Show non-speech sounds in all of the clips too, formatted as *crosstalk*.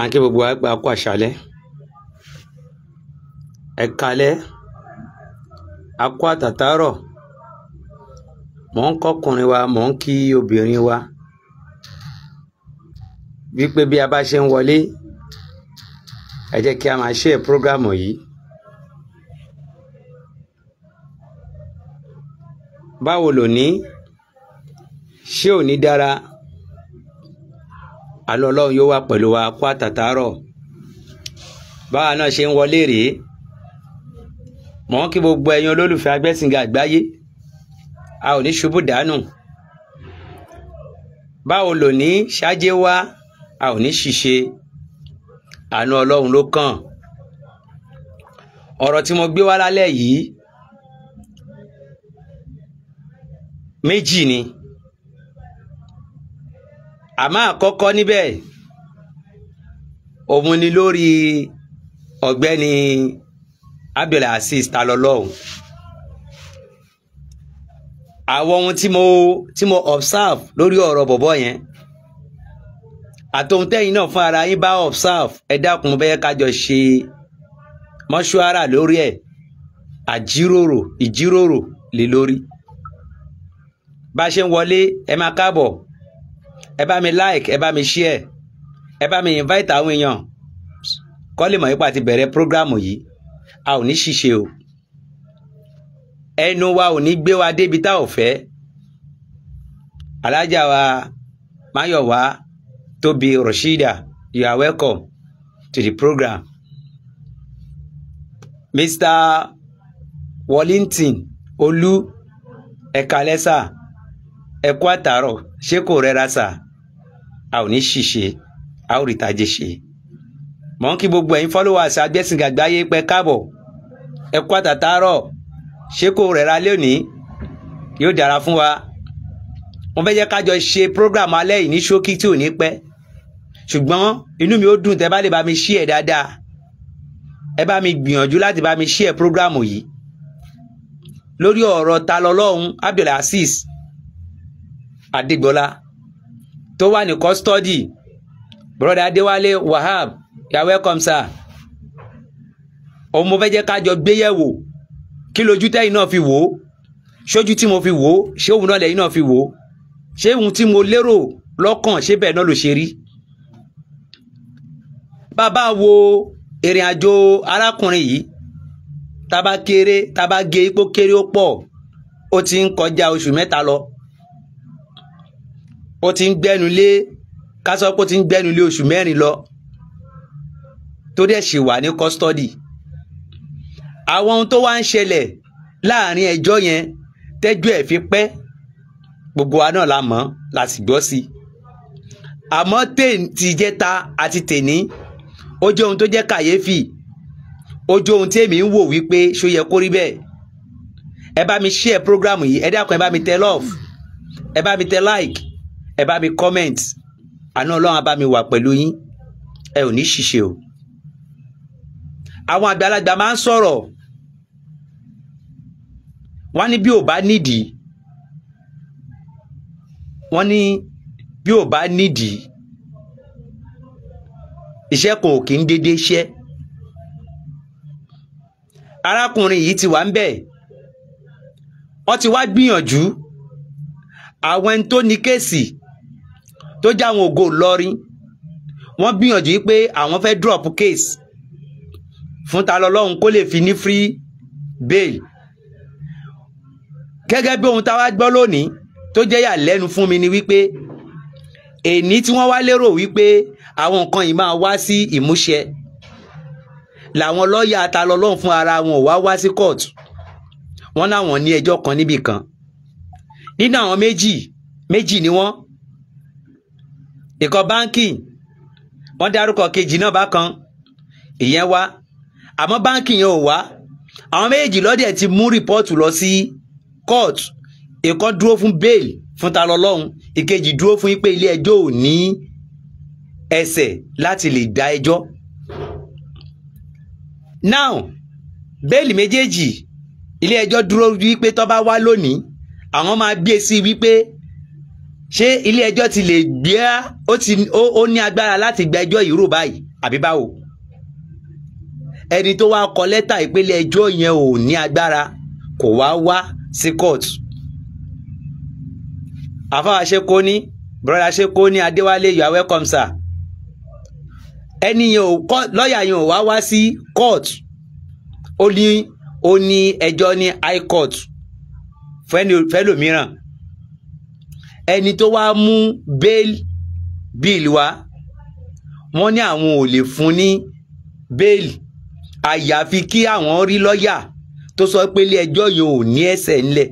àǹkí gbogbo wa gba kó àṣálẹ́ ẹ kalẹ́ akó àtàtàrọ̀ mọ̀ ń kọkùnrin wa mọ̀ ń kí obìnrin wa wípé bí a bá ṣe ń wọlé ẹ jẹ́ kí a máa ṣe prógrámù yìí báwo lò ní ṣé ò ní dára àánú ọlọ́run yóò wà pẹ̀lú wa kó àtàtàárọ̀ báwa náà ṣe ń wọlé rèé mọ̀ kí gbogbo ẹ̀yin olólùfẹ́ agbẹ́sìngà àgbáyé a ò ní ṣubú dànù báwo lò ní ṣáájé wá a ò ní ṣìṣe àánú ọlọ́run ló kàn ọ̀rọ̀ tí mo gbé wá lálẹ́ yìí méjì ni àmọ́ àkọ́kọ́ níbẹ̀ òun ni lórí ọ̀gbẹ́ni Abdulazeez Talọlọ́hun àwọn ohun tí mo tí mo observe lórí ọ̀rọ̀ bọ̀bọ̀ yẹn àtòhun tẹ́yìn náà fún ara yín bá observe ẹ dákun mo bẹ́yẹ kájọ ṣe mọ́ṣúárà lórí ẹ̀ àjíròrò ìjíròrò lè lórí bá a ṣe ń wọlé ẹ máa káàbọ̀ ẹ bá mi like ẹ bá mi share ẹ bá mi invite àwọn èèyàn kọ́ lè mọ̀ nípa ti bẹ̀rẹ̀ prógrámù yìí a ò ní ṣìṣe o ẹnu wa ò ní gbé wa débi tá ò fẹ́ alájà wa Máyọ̀wá Tóbi Rashida you are welcome to the program Mr. Wallington Olú ẹ̀ka lẹ́sà ẹ̀kú àtàrọ̀ ṣé kò rẹra sà a ò ní ṣìṣe a ò rí tajé ṣe mọ̀ ń kí gbogbo ẹ̀yin followers agbẹ́sìn àgbáyé pẹ́ káàbọ̀ ẹ kú àtàtàárọ̀ ṣé lónìí yóò dára fún wa wọ́n fẹ́ jẹ́ kájọ ṣe program alẹ́ yìí ní ṣókí tí ò ní pẹ́ ṣùgbọ́n inú mi ó dùn tẹ́ bá lè bá mi ṣí ẹ̀ dáadáa ẹ bá mi gbìyànjú láti bá mi ṣí ẹ̀ program yìí lórí ọ̀rọ̀ ta lọ́lọ́run Abdulazeez tó wà ní kọ́sítọ́dì brother adéwálé wahab you're welcome sir òun mo fẹ́ jẹ́ ká jọ gbéyẹ̀wò kí lójú tẹ́yìn náà fi wò ó ṣójú tí mo fi wò ó ṣé òun náà lẹ́yìn náà fi wò ó ṣé ohun tí mo lérò lọ́kàn ṣé bẹ́ẹ̀ náà ló ṣe rí bàbá wo ìrìn àjò arákùnrin yìí taba kéré taba gé ipò kéré ó pọ̀ ó ti ń kọjá oṣù mẹ́ta lọ ó ti ń gbẹ́nu lé ká sọ pé ó ti ń gbẹ́nu lé oṣù mẹ́rin lọ tó dẹ̀ ṣì wà ní kọ́sítọ́dì àwọn ohun tó wá ń ṣẹlẹ̀ láàrin ẹjọ́ yẹn tẹ́jú ẹ̀ fi pẹ́ gbogbo wa náà la mọ̀ la sì gbọ́ sí i àmọ́ tèǹtì jẹ́ta àti tèní ó jẹ́ ohun tó jẹ́ kàyéfì ó jẹ́ ohun tí èmi ń wò wípé ṣó yẹ kó rí bẹ́ẹ̀ ẹ bá mi share program yìí ẹ dákun ẹ bá mi tẹ love ẹ bá mi tẹ like ẹ bá mi comment àná ọlọ́run á bá mi wà pẹ̀lú yín ẹ ò ní ṣìṣe o àwọn àgbàlagbà máa ń sọ̀rọ̀ wọ́n ní bí ò bá nídìí wọ́n ní bí ò bá nídìí iṣẹ́ kan ò kí ń dédé ṣẹ́ arákùnrin yìí ti wà ń bẹ̀ wọ́n ti wá gbìyànjú àwọn ẹni tó ní kéèsì tó jẹ́ àwọn ògo Ìlọrin wọ́n gbìyànjú pé àwọn fẹ́ drop case fún ta lọ́lọ́run kó lè fi ní free bail gẹ́gẹ́ bí ohun táwa gbọ́ lónìí tó jẹ́ yà lẹ́nu fún mi ni wípé èní tí wọ́n wá lérò wípé àwọn nǹkan yìí máa wá sí ìmúṣẹ làwọn lọ́ọ̀yà ta lọ́lọ́run fún ara wọn ò wá wá sí kóòtù wọ́n láwọn ní ẹjọ́ kan níbì kan nínú àwọn méjì méjì ni wọ́n ikọ̀ báńkì wọ́n dárúkọ kejì náà bákan ìyẹn wá àmọ́ báńkì yẹn ò wá àwọn méjì lọ́dẹ̀ ti mú rìpọ́ọ̀tù lọ sí kóòtù ìkan dúró fún bẹ́ẹ̀lì fún ta lọ́lọ́run ìkejì dúró fún pé ilé ẹjọ́ ò ní ẹsẹ̀ láti lè gba ẹjọ́ now bẹ́ẹ̀lì méjèèjì ilé ẹjọ́ dúró wípé tó bá wá lónìí àwọn máa bíyèsí e wípé ṣé ilé ẹjọ́ ti lè gbé ó ti ó ní agbára láti gba ẹjọ́ yìí rò báyìí àbí báwo ẹni tó wá kọ lẹ́tà ìpele ẹjọ́ yẹn ò ní agbára kò wá wá sí court àfáà ṣeko ní brọ́dà ṣeko ní adéwálé you are welcome sir ẹni yẹn ò lọ́ọ̀yà yẹn ò wá wá sí court ó ní ó ní ẹjọ́ ní high court fẹ́lòmíràn ẹni tó wá mú bẹ́ẹ̀lì bíìlì wá wọ́n ní àwọn ò lè fún ní bẹ́ẹ̀lì àyàfi kí àwọn rí lọ́ọ̀yà tó sọ pé ilé ẹjọ́ yìí ò ní ẹsẹ̀ ńlẹ̀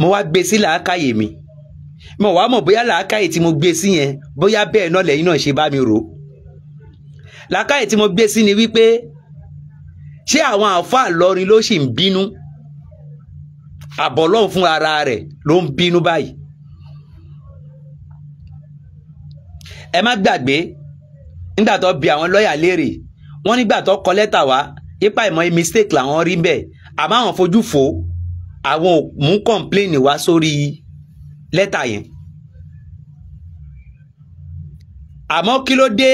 mo wá gbé sí làákàyè mi mo wá mọ̀ bóyá làákàyè tí mo gbé sí yẹn bóyá bẹ́ẹ̀ náà lẹ́yìn náà ṣe bá mi rò ó làákàyè tí mo gbé sí ni wípé ṣé àwọn àáfàá lọrin ló sì ń bínú àbọ̀lọ́hùn fún ara rẹ̀ ló ń bínú báyìí. ẹ má gbàgbé nígbà tó bi àwọn lọ́ọ̀yà léèrè wọ́n nígbà tó kọ lẹ́tà wá ipa ìmọ̀ mistake làwọn rí bẹ́ẹ̀ àmọ́ àwọn fojú fò àwọn ò mú complain wá sórí lẹ́tà yẹn. àmọ́ kí ló dé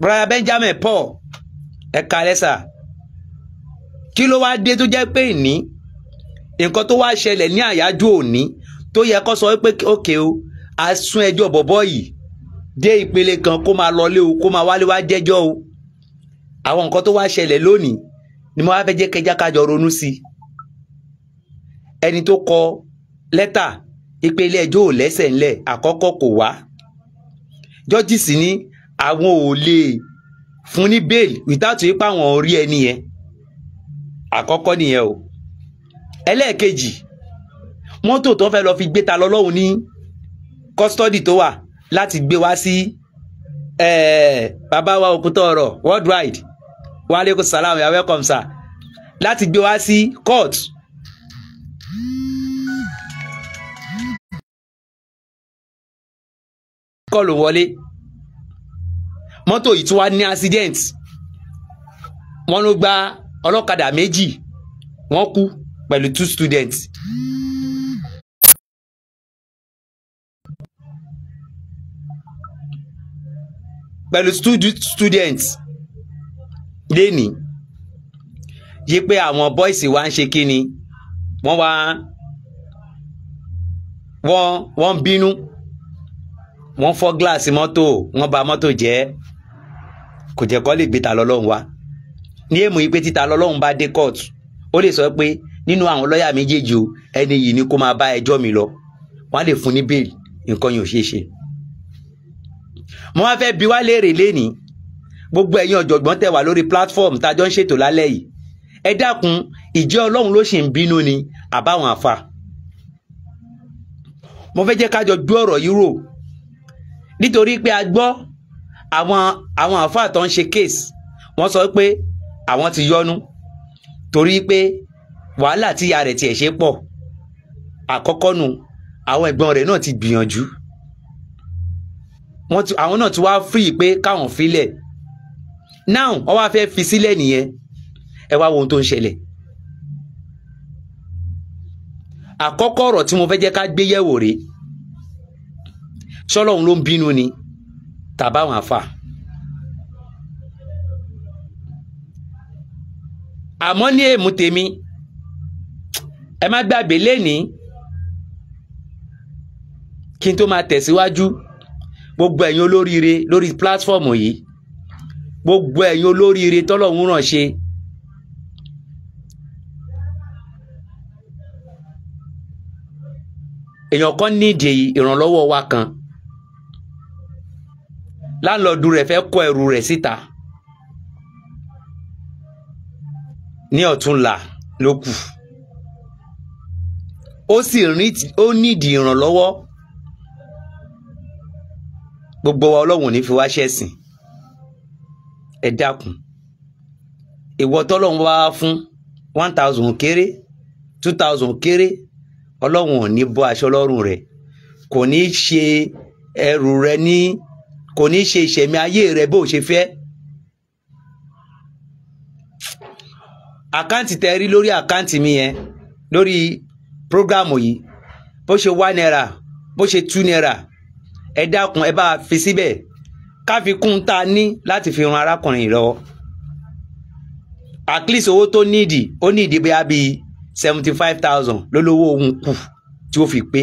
brother Benjamin Paul ẹ̀ka lẹ́sà kí ló wá dé tó jẹ́ pé ìní nǹkan tó wá ṣẹlẹ̀ ní àyájọ́ òní tó yẹ kó sọ pé òkè o a sún ẹjọ́ bọ̀bọ́ yìí dé ìpele kan kó máa lọlé o kó máa wálé wá jẹ́jọ́ o àwọn nǹkan tó wá ṣẹlẹ̀ lónìí ni mo wá fẹ́ jẹ́ kẹjá kájọ ronú sí i ẹni tó kọ lẹ́tà ìpele ẹjọ́ ò lẹ́sẹ̀ ńlẹ̀ àkọ́kọ́ kò wá jọ́jìsì ní àwọn ò lè fún ní bẹ́ẹ̀lì without wípé àwọn ò ẹni yẹn àkọ́kọ́ nìyẹn o ẹlẹ́ẹ̀kejì mọ́tò tó fẹ́ lọ fi gbé ta lọ́lọ́hun ní kọ́sítọ́dì tó wà láti gbé wá sí bàbá wa òkúta ọ̀rọ̀ worldwide waaleykum salaam ya welcome sir láti gbé wá sí court. kọ́ọ̀lù wọlé mọ́tò yìí tún wá ní accident wọ́n ló gba ọlọ́kadà méjì wọ́n kú pẹ̀lú two students. pẹ̀lú students lénìí yí pé àwọn boys wa ń ṣe kíni wọ́n wá wọ́n wọ́n bínú wọ́n fọ́ gíláàsì mọ́tò wọ́n bà mọ́tò jẹ́ kò jẹ́ kó lè gbé ta lọ́lọ́run wá ní èmù yí pé títa lọ́lọ́run bá dé court ó lè sọ pé nínú àwọn lọ́ọ̀yà méjèèjì o ẹni yìí ni kó máa bá ẹjọ́ mi lọ wọ́n á lè fún ní bẹ́ẹ̀lì nǹkan yìí ò ṣeé ṣe. mo wá fẹ́ bi wá léèrè lénìí gbogbo ẹ̀yin ọ̀jọ̀gbọ́n tẹ̀ wá lórí platform tájọ́ ń ṣètò lálẹ́ yìí ẹ dákun ìjẹ́ ọlọ́run ló ṣì ń bínú ni àbáwọn àfa mo fẹ́ jẹ́ kájọ gbé ọ̀rọ̀ yìí rò nítorí pé a gbọ́ àwọn àwọn àfa tó ń ṣe case wọ́n sọ pé àwọn ti yọnu torí pé wàhálà tí ìyá rẹ̀ tiẹ̀ ṣe pọ̀ àkọ́kọ́ nu àwọn ẹ̀gbọ́n rẹ̀ náà ti gbìyànjú àwọn náà ti wá fíì pé káwọn filẹ̀ now wọ́n wá fẹ́ fi sílẹ̀ nìyẹn ẹ wá wo ohun tó ń ṣẹlẹ̀ àkọ́kọ́ ọ̀rọ̀ tí mo fẹ́ jẹ́ ká gbé yẹ̀wò rèé ṣọlọ́run ló ń bínú ni tàbáwọn afa àmọ́ ní èèmù tèmi ẹ má gbàgbé lẹ́ni kí n tó máa tẹ̀síwájú gbogbo ẹ̀yin olóríire lórí platform yìí gbogbo ẹ̀yin olóríire tọ́lọ́hún ràn ṣe èèyàn kan nídìí ìrànlọ́wọ́ wa kan láńlọ́ọ̀dù rẹ̀ fẹ́ kó ẹrù rẹ̀ síta ní ọ̀túnla ló kù ó sì rìn ó nídìí ìrànlọ́wọ́ gbogbo wa ọlọ́run ò ní fi wá ṣẹ̀sìn ẹ dákun ìwọ tọ́lọ́run bá wá fún one thousand kéré two thousand kéré ọlọ́run ò ní bọ́ aṣọ ọlọ́run rẹ̀ kò ní ṣe ẹrù rẹ ní kò ní ṣe ìṣẹ̀mí ayé rẹ bó ṣe fẹ́. àkáǹtì tẹ rí lórí àkáǹtì mi yẹn lórí prógrámù yìí bó ṣe wá náírà bó ṣe tú náírà ẹ dákun ẹ bá a fi síbẹ̀ ká fi kún tá a ní láti fi ran arákùnrin lọ́wọ́ at least owó tó nídìí ó nídìí bí a bí seventy five thousand lólówó òun kù tí ó fi pé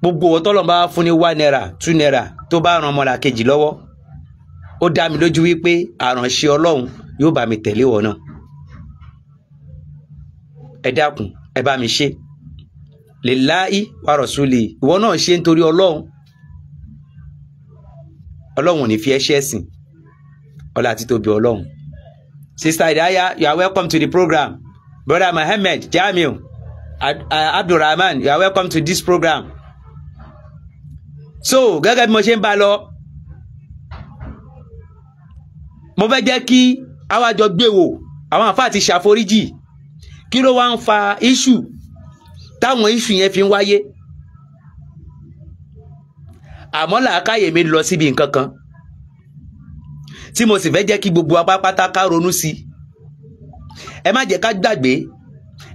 gbogbo ọtọlọ bá fún ní wá náírà tú náírà tó bá ran ọmọlà kejì lọ́wọ́ ó dá mi lójú wípé àránṣe Ọlọ́run yóò bá mi tẹ̀lé wọn náà ẹ dákun ẹ bá mi ṣe lè láì wà rọ̀súlì ìwọ náà ṣe nítorí ọlọ́run ọlọ́run ò ní fi ẹ́ ṣẹ̀sìn ọlá àti ọlọ́run Sister Idaya you are welcome to the program Brother Mohammed Jamiu uh, Abdulrahman you are welcome to this program so gẹ́gẹ́ bí mo ṣe ń bá lọ mo fẹ́ jẹ́ kí àwa jọ gbé wò àwọn àfa àti ṣàforíjì kí ló wá ń fa iṣu táwọn iṣu yẹn fi ń wáyé àmọ́ làákàyè mi lọ síbi nǹkan kan tí mo sì fẹ́ jẹ́ kí gbogbo apápátá ká ronú sí i ẹ má jẹ́ ká gbàgbé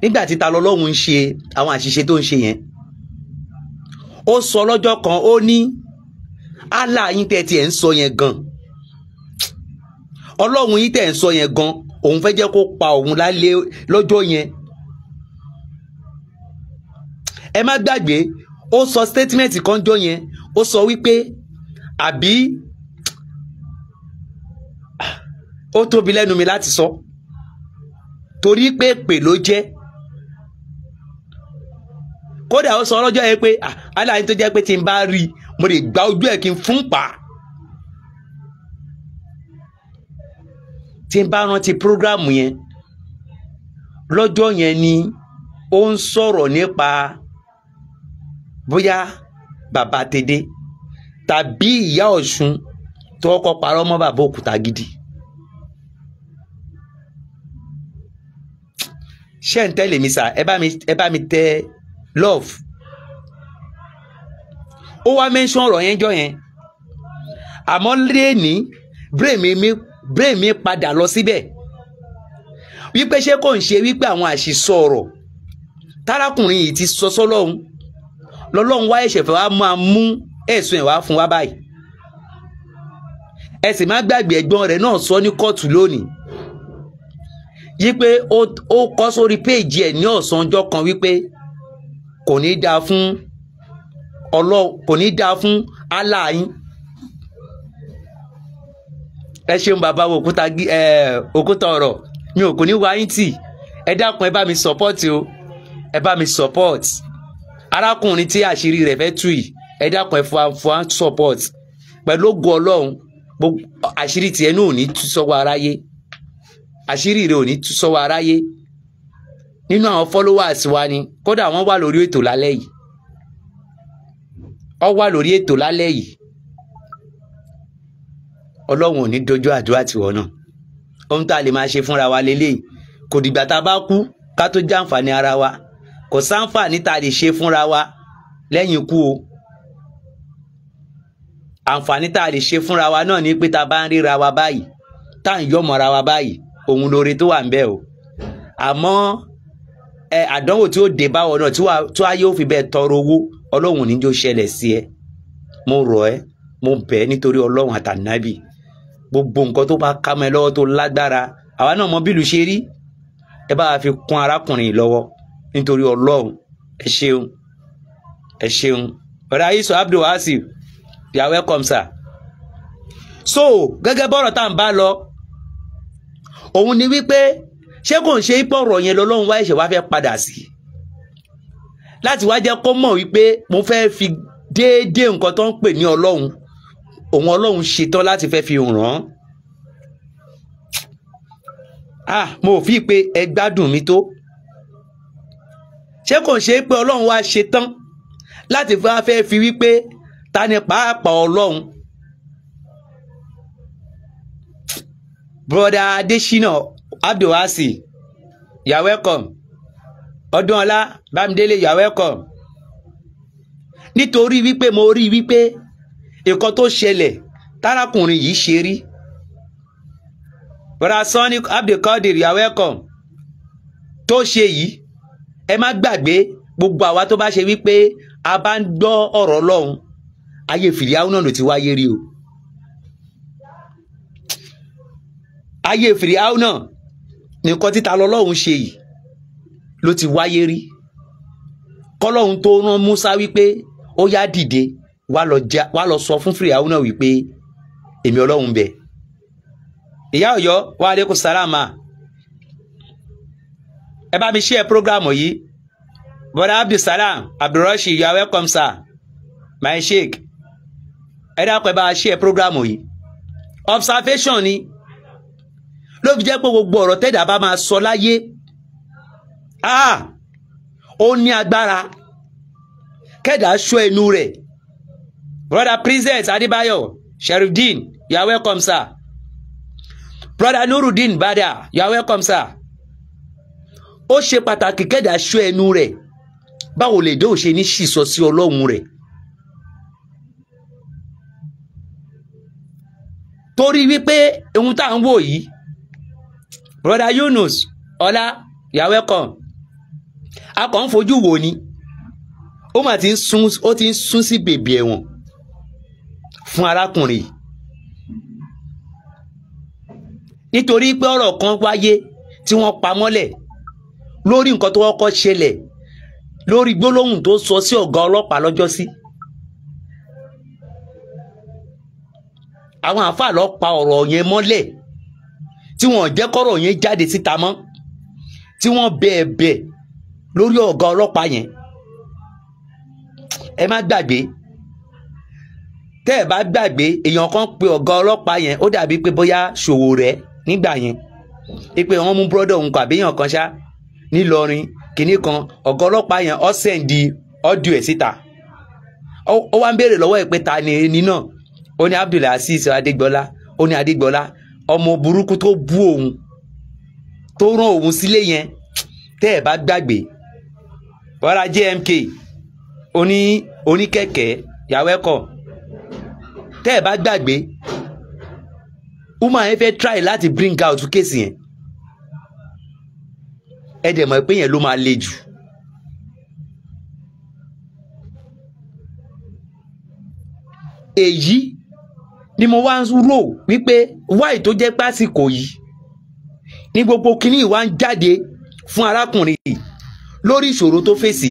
nígbà tí ta lọ́lọ́run ń ṣe àwọn àṣìṣe tó ń ṣe yẹn ó sọ lọ́jọ́ kan ó ní Allah yín tẹ́ tiẹ̀ ń sọ yẹn gan ọlọ́run yín tẹ́ ń sọ yẹn gan òun fẹ́ jẹ́ kó pa òun lálé lọ́jọ́ yẹn ẹ má gbàgbé ó sọ statement kan jọ yẹn ó sọ wípé àbí ó tóbi lẹ́nu mi láti sọ torí pé pè ló jẹ́ kódà ó sọ ọlọ́jọ́ yẹn pé aláàyè ah, tó jẹ́ pé tí n bá rí i mo lè gba ojú ẹ̀ kí n fún pa á. tí n bá rántí prógrámù yẹn lọ́jọ́ yẹn ni ó ń sọ̀rọ̀ nípa bóyá bàbá tèdè tàbí ìyá ọ̀ṣun tó kọ́ parọ́ mọ́ bàbá òkúta gidi. ṣé ń tẹ́lẹ̀ mi sà ẹ bá mi tẹ love ó wá mẹ́ńsán ọ̀rọ̀ yẹn jọ yẹn àmọ́ lẹ́ẹ̀ni brain mi mi brain mi padà lọ síbẹ̀ wípé ṣé kò ń ṣe wípé àwọn àṣìṣọ ọ̀rọ̀ tárákùnrin yìí ti sọ sọ́lọ́hún lọ́lọ́hún wá ẹ̀ṣẹ̀ fẹ́ wá máa mú ẹ̀sùn ẹ̀ wá fún wa báyìí ẹ sì má gbàgbé ẹ̀gbọ́n rẹ̀ náà sọ ní kóòtù lónìí yípe ó kọ́ sórí péèjì ẹ̀ ní ọ̀sán ọjọ́ kan wípé kò ní dáa fún ọlọ́ kò ní dáa fún aláàyín ẹ ṣeun bàbá wo òkúta ẹ òkúta ọ̀rọ̀ mi ò kò ní wá yín tì ẹ dákun ẹ bá mi support o ẹ bá mi support arákùnrin tí àṣírí rẹ̀ fẹ́ tú yìí ẹ dákun ẹ fún wa support pẹ̀lú ògo Ọlọ́run àṣírí tiẹ̀ náà ò ní tú sọ́wọ́ aráyé àṣírí rẹ̀ ò tú sọ́wọ́ aráyé nínú àwọn followers wa ni kódà wọ́n wà lórí ètò lálẹ́ yìí ọ wà lórí ètò lálẹ́ yìí ọlọ́run ò ní dojú àdúrà tiwọn náà ohun tá a lè máa ṣe fúnra wa leléyìí kò dìgbà tá a bá kú ká tó jàǹfààní ara wa kò sáǹfààní tá a lè ṣe fúnra wa lẹ́yìn ikú o àǹfààní tá a lè ṣe fúnra wa náà ni pé tá a bá ń ríra wa báyìí tá à ń yọ̀mọ̀ ara wa báyìí ohun lóore tó wà ń bẹ o àmọ́ ẹ àdánwò tí ó dé báwọ náà tí wàá yóò fi bẹ́ẹ̀ tọrọ owó ọlọ́run níjó ṣẹlẹ̀ sí ẹ mo rọ̀ ẹ́ mo bẹ̀ ẹ́ nítorí ọlọ́run àtànábì gbogbo nǹkan tó bá ká mọ ẹ lọ́wọ́ tó lágbára àwa náà mọ bílù ṣe rí ẹ bá fi kún arákùnrin lọ́wọ́ nítorí ọlọ́run ẹ ṣeun ẹ ṣeun ọ̀rẹ́ ayíṣọ abdul asif you are welcome sir. so gẹ́gẹ́ bọ́rọ̀ tá à ń bá lọ òun ni wípé ṣé kò ń ṣe ìpọ̀rọ̀ yẹn lọ́lọ́run wá ẹ̀ṣẹ̀ wá fẹ́ padà sí láti wá jẹ́ kó mọ̀ wípé mo fẹ́ fi déédéé nǹkan tó ń pè ní ọlọ́run òun ọlọ́run ṣetán láti fẹ́ fi hàn án ah mo fi pé ẹ gbádùn mi tó ṣé kò ṣe é pé ọlọ́run wá ṣetán láti fẹ́ fi wípé ta ni pàápàá ọlọ́run broda adesina abdulwasi you are welcome ọdúnọlá bámidélé you welcome nítorí wípé mo rí wípé nǹkan tó ṣẹlẹ̀ tárakùnrin yìí ṣe rí brother Sani Abdulkadir you are welcome tó ṣe yìí ẹ má gbàgbé gbogbo àwa tó bá ṣe wípé a bá ń gbọ́ ọ̀rọ̀ Ọlọ́run ayé fìríáwó náà ló ti wáyé rí o ayé fìríáwó náà nìkan títa lọ́lọ́run ṣe yìí ló ti wáyé rí kọ́lọ́run tó rán Musa wípé ó yá dìde wá lọ sọ fún fìrìhàwù náà wípé èmi ọlọ́run bẹ̀ ìyá ọ̀yọ́ wa aleykum salama ẹ bá mi ṣe ẹ programu yìí bọ́dà abdulsalam abdulrasheed you are welcome sir my sheikh ẹ dákun ẹ bá ṣe ẹ programu yìí observation ni ló fi jẹ́ pé gbogbo ọ̀rọ̀ tẹ́dà bá máa sọ láyé ah, ó ní agbára kẹ́dà sọ ẹnu rẹ̀ brother princess Sheriff Sherifdeen you are welcome sir brother Nurudeen Bada you are welcome sir ó ṣe pàtàkì kẹ́dà aṣọ ẹnu rẹ̀ báwo lè dé òṣè ní ṣìṣọ sí ọlọ́run rẹ̀ torí wípé ohun tá à ń wò yìí brother Yunus ọlá you are welcome a kàn ń fojú wò ni ó mà ti ń sún ó ti ń sún sí bèbè ẹ̀wọ̀n fún arákùnrin nítorí pé ọ̀rọ̀ kan wáyé tí wọ́n pa mọ́lẹ̀ lórí nǹkan tó kọ́kọ́ ṣẹlẹ̀ lórí gbólóhùn tó sọ sí ọ̀gá ọlọ́pàá lọ́jọ́ sí. àwọn àáfàá lọ pa ọ̀rọ̀ yẹn mọ́lẹ̀ tí wọ́n jẹ́ kọ́rọ̀ yẹn jáde síta mọ́ tí wọ́n bẹ ẹ̀bẹ̀ lórí ọ̀gá ọlọ́pàá yẹn ẹ má gbàgbé tẹ́ ẹ̀ bá gbàgbé èèyàn kan pe ọ̀gá ọlọ́pàá yẹn ó dàbí pé bóyá ṣòwò rẹ̀ nígbà yẹn pé wọ́n mú brọ́dọ̀ òun kọ àbíyàn kan ṣá nílọrin kìíní kan ọ̀gá ọlọ́pàá yẹn ó sẹ́ǹdì ọ́díò ẹ̀ síta ó wá ń béèrè lọ́wọ́ ẹ̀ pé ta ni ẹni náà ó ní Abdulaziz Adégbọlá ó ní Adégbọlá ọmọ burúkú tó bú òun tó rán òun sílé yẹn tẹ́ ẹ̀ bá gbàgbé bọ́lá JMK oní oníkẹ̀kẹ́ yàwẹ́kọ̀ọ́ tẹ́ ẹ̀ bá gbàgbé woman yẹn fẹ́ try láti bring out kéèsì yẹn ẹ dẹ̀ mọ̀ pé yẹn ló máa le jù. èyí ni mo wá ń rò wípé wáì tó jẹ́ pásìkò yìí ní gbogbo kínní ìwà ń jáde fún arákùnrin yìí lórí ìṣòro tó fèsì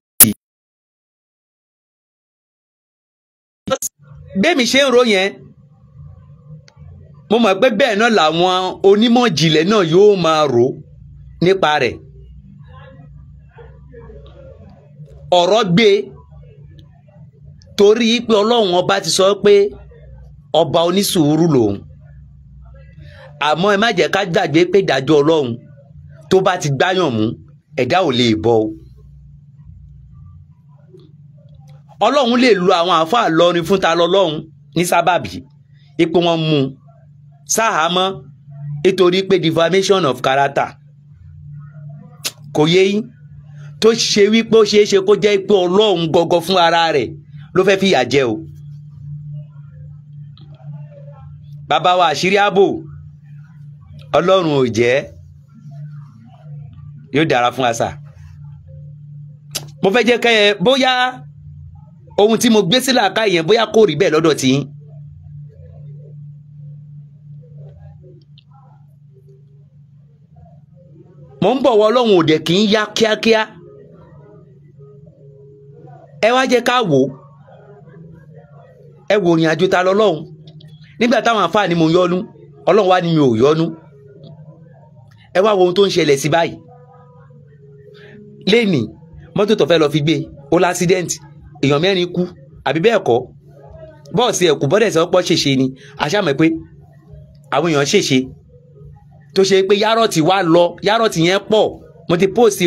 bẹ́ẹ̀mi ṣe ń ro yẹn mo mọ̀ pé bẹ́ẹ̀ náà làwọn onímọ̀ jìnlẹ̀ náà yóò máa rò nípa rẹ̀ ọ̀rọ̀ gbé torí pé ọlọ́run ọba ti sọ pé ọba onísùúrù lòun àmọ́ ẹ má jẹ́ ká gbàgbé pé ìdájọ́ ọlọ́run tó bá ti gbáyàn mú ẹ̀dá ò lè bọ́ o. ọlọ́run lè lo àwọn àáfàá lọrin fún ta lọ́lọ́run ní sábàbí ipò wọn mú sáhàámọ́ nítorí pé defamation of character kò yé yín tó ṣe wípé ó ṣeé ṣe kó jẹ́ pé ọlọ́run gọ́gọ́ fún ara rẹ̀ ló fẹ́ fìyà jẹ o. bàbá wa àṣírí ààbò ọlọ́run ò jẹ́ yóò dára fún àṣà mo fẹ́ jẹ́ kẹ́ ẹ bóyá ohun tí mo gbé sí làákà yẹn bóyá kò rí bẹ́ẹ̀ lọ́dọ̀ tí. mo ń bọ̀ ọlọ́run òde kì í ya kíákíá ẹ wá jẹ́ ká wò ó ẹ wò rìn àjò ta lọ́lọ́run nígbà táwọn àfáà ni mo yọnu ọlọ́run wá ni mi ò yọnu ẹ wá wo ohun tó ń ṣẹlẹ̀ sí báyìí lẹ́nìí mọ́tò tó fẹ́ lọ fi gbé ó lásídẹ́ǹtì èèyàn mẹ́rin kú àbí bẹ́ẹ̀ kọ́ bọ́ọ̀sì ẹ̀kú bọ́dẹ̀ sọ pọ́ ṣèṣe ni aṣáàmọ̀ pé àwọn èèyàn ṣèṣe tó ṣe pé yárọ̀tì wá lọ yárọ̀tì yẹn pọ̀ mo ti post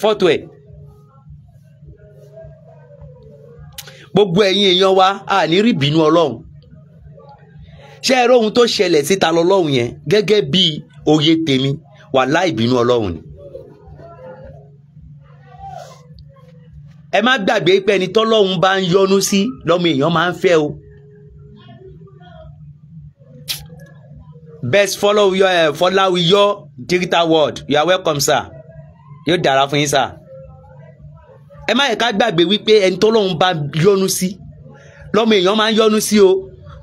fọ́tò ẹ̀ gbogbo ẹ̀yin èèyàn wa a ní rí bínú ọlọ́run ṣé ẹ rí ohun tó ṣẹlẹ̀ síta lọ́lọ́run yẹn gẹ́gẹ́ bí òye tèmi wà láì bínú ọlọ́run ni ẹ má gbàgbé pé ẹni tọ́lọ́hún bá ń yọ́nú sí lọ́mọ èèyàn máa ń fẹ́ o. best fọlọ́wíyọ eh, follow your digital world you are welcome sir yóò dára fún yín sir. ẹ má yẹ ká gbàgbé wípé ẹni tọ́lọ́hún bá yọ́nú sí lọ́mọ èèyàn máa ń yọ́nú sí o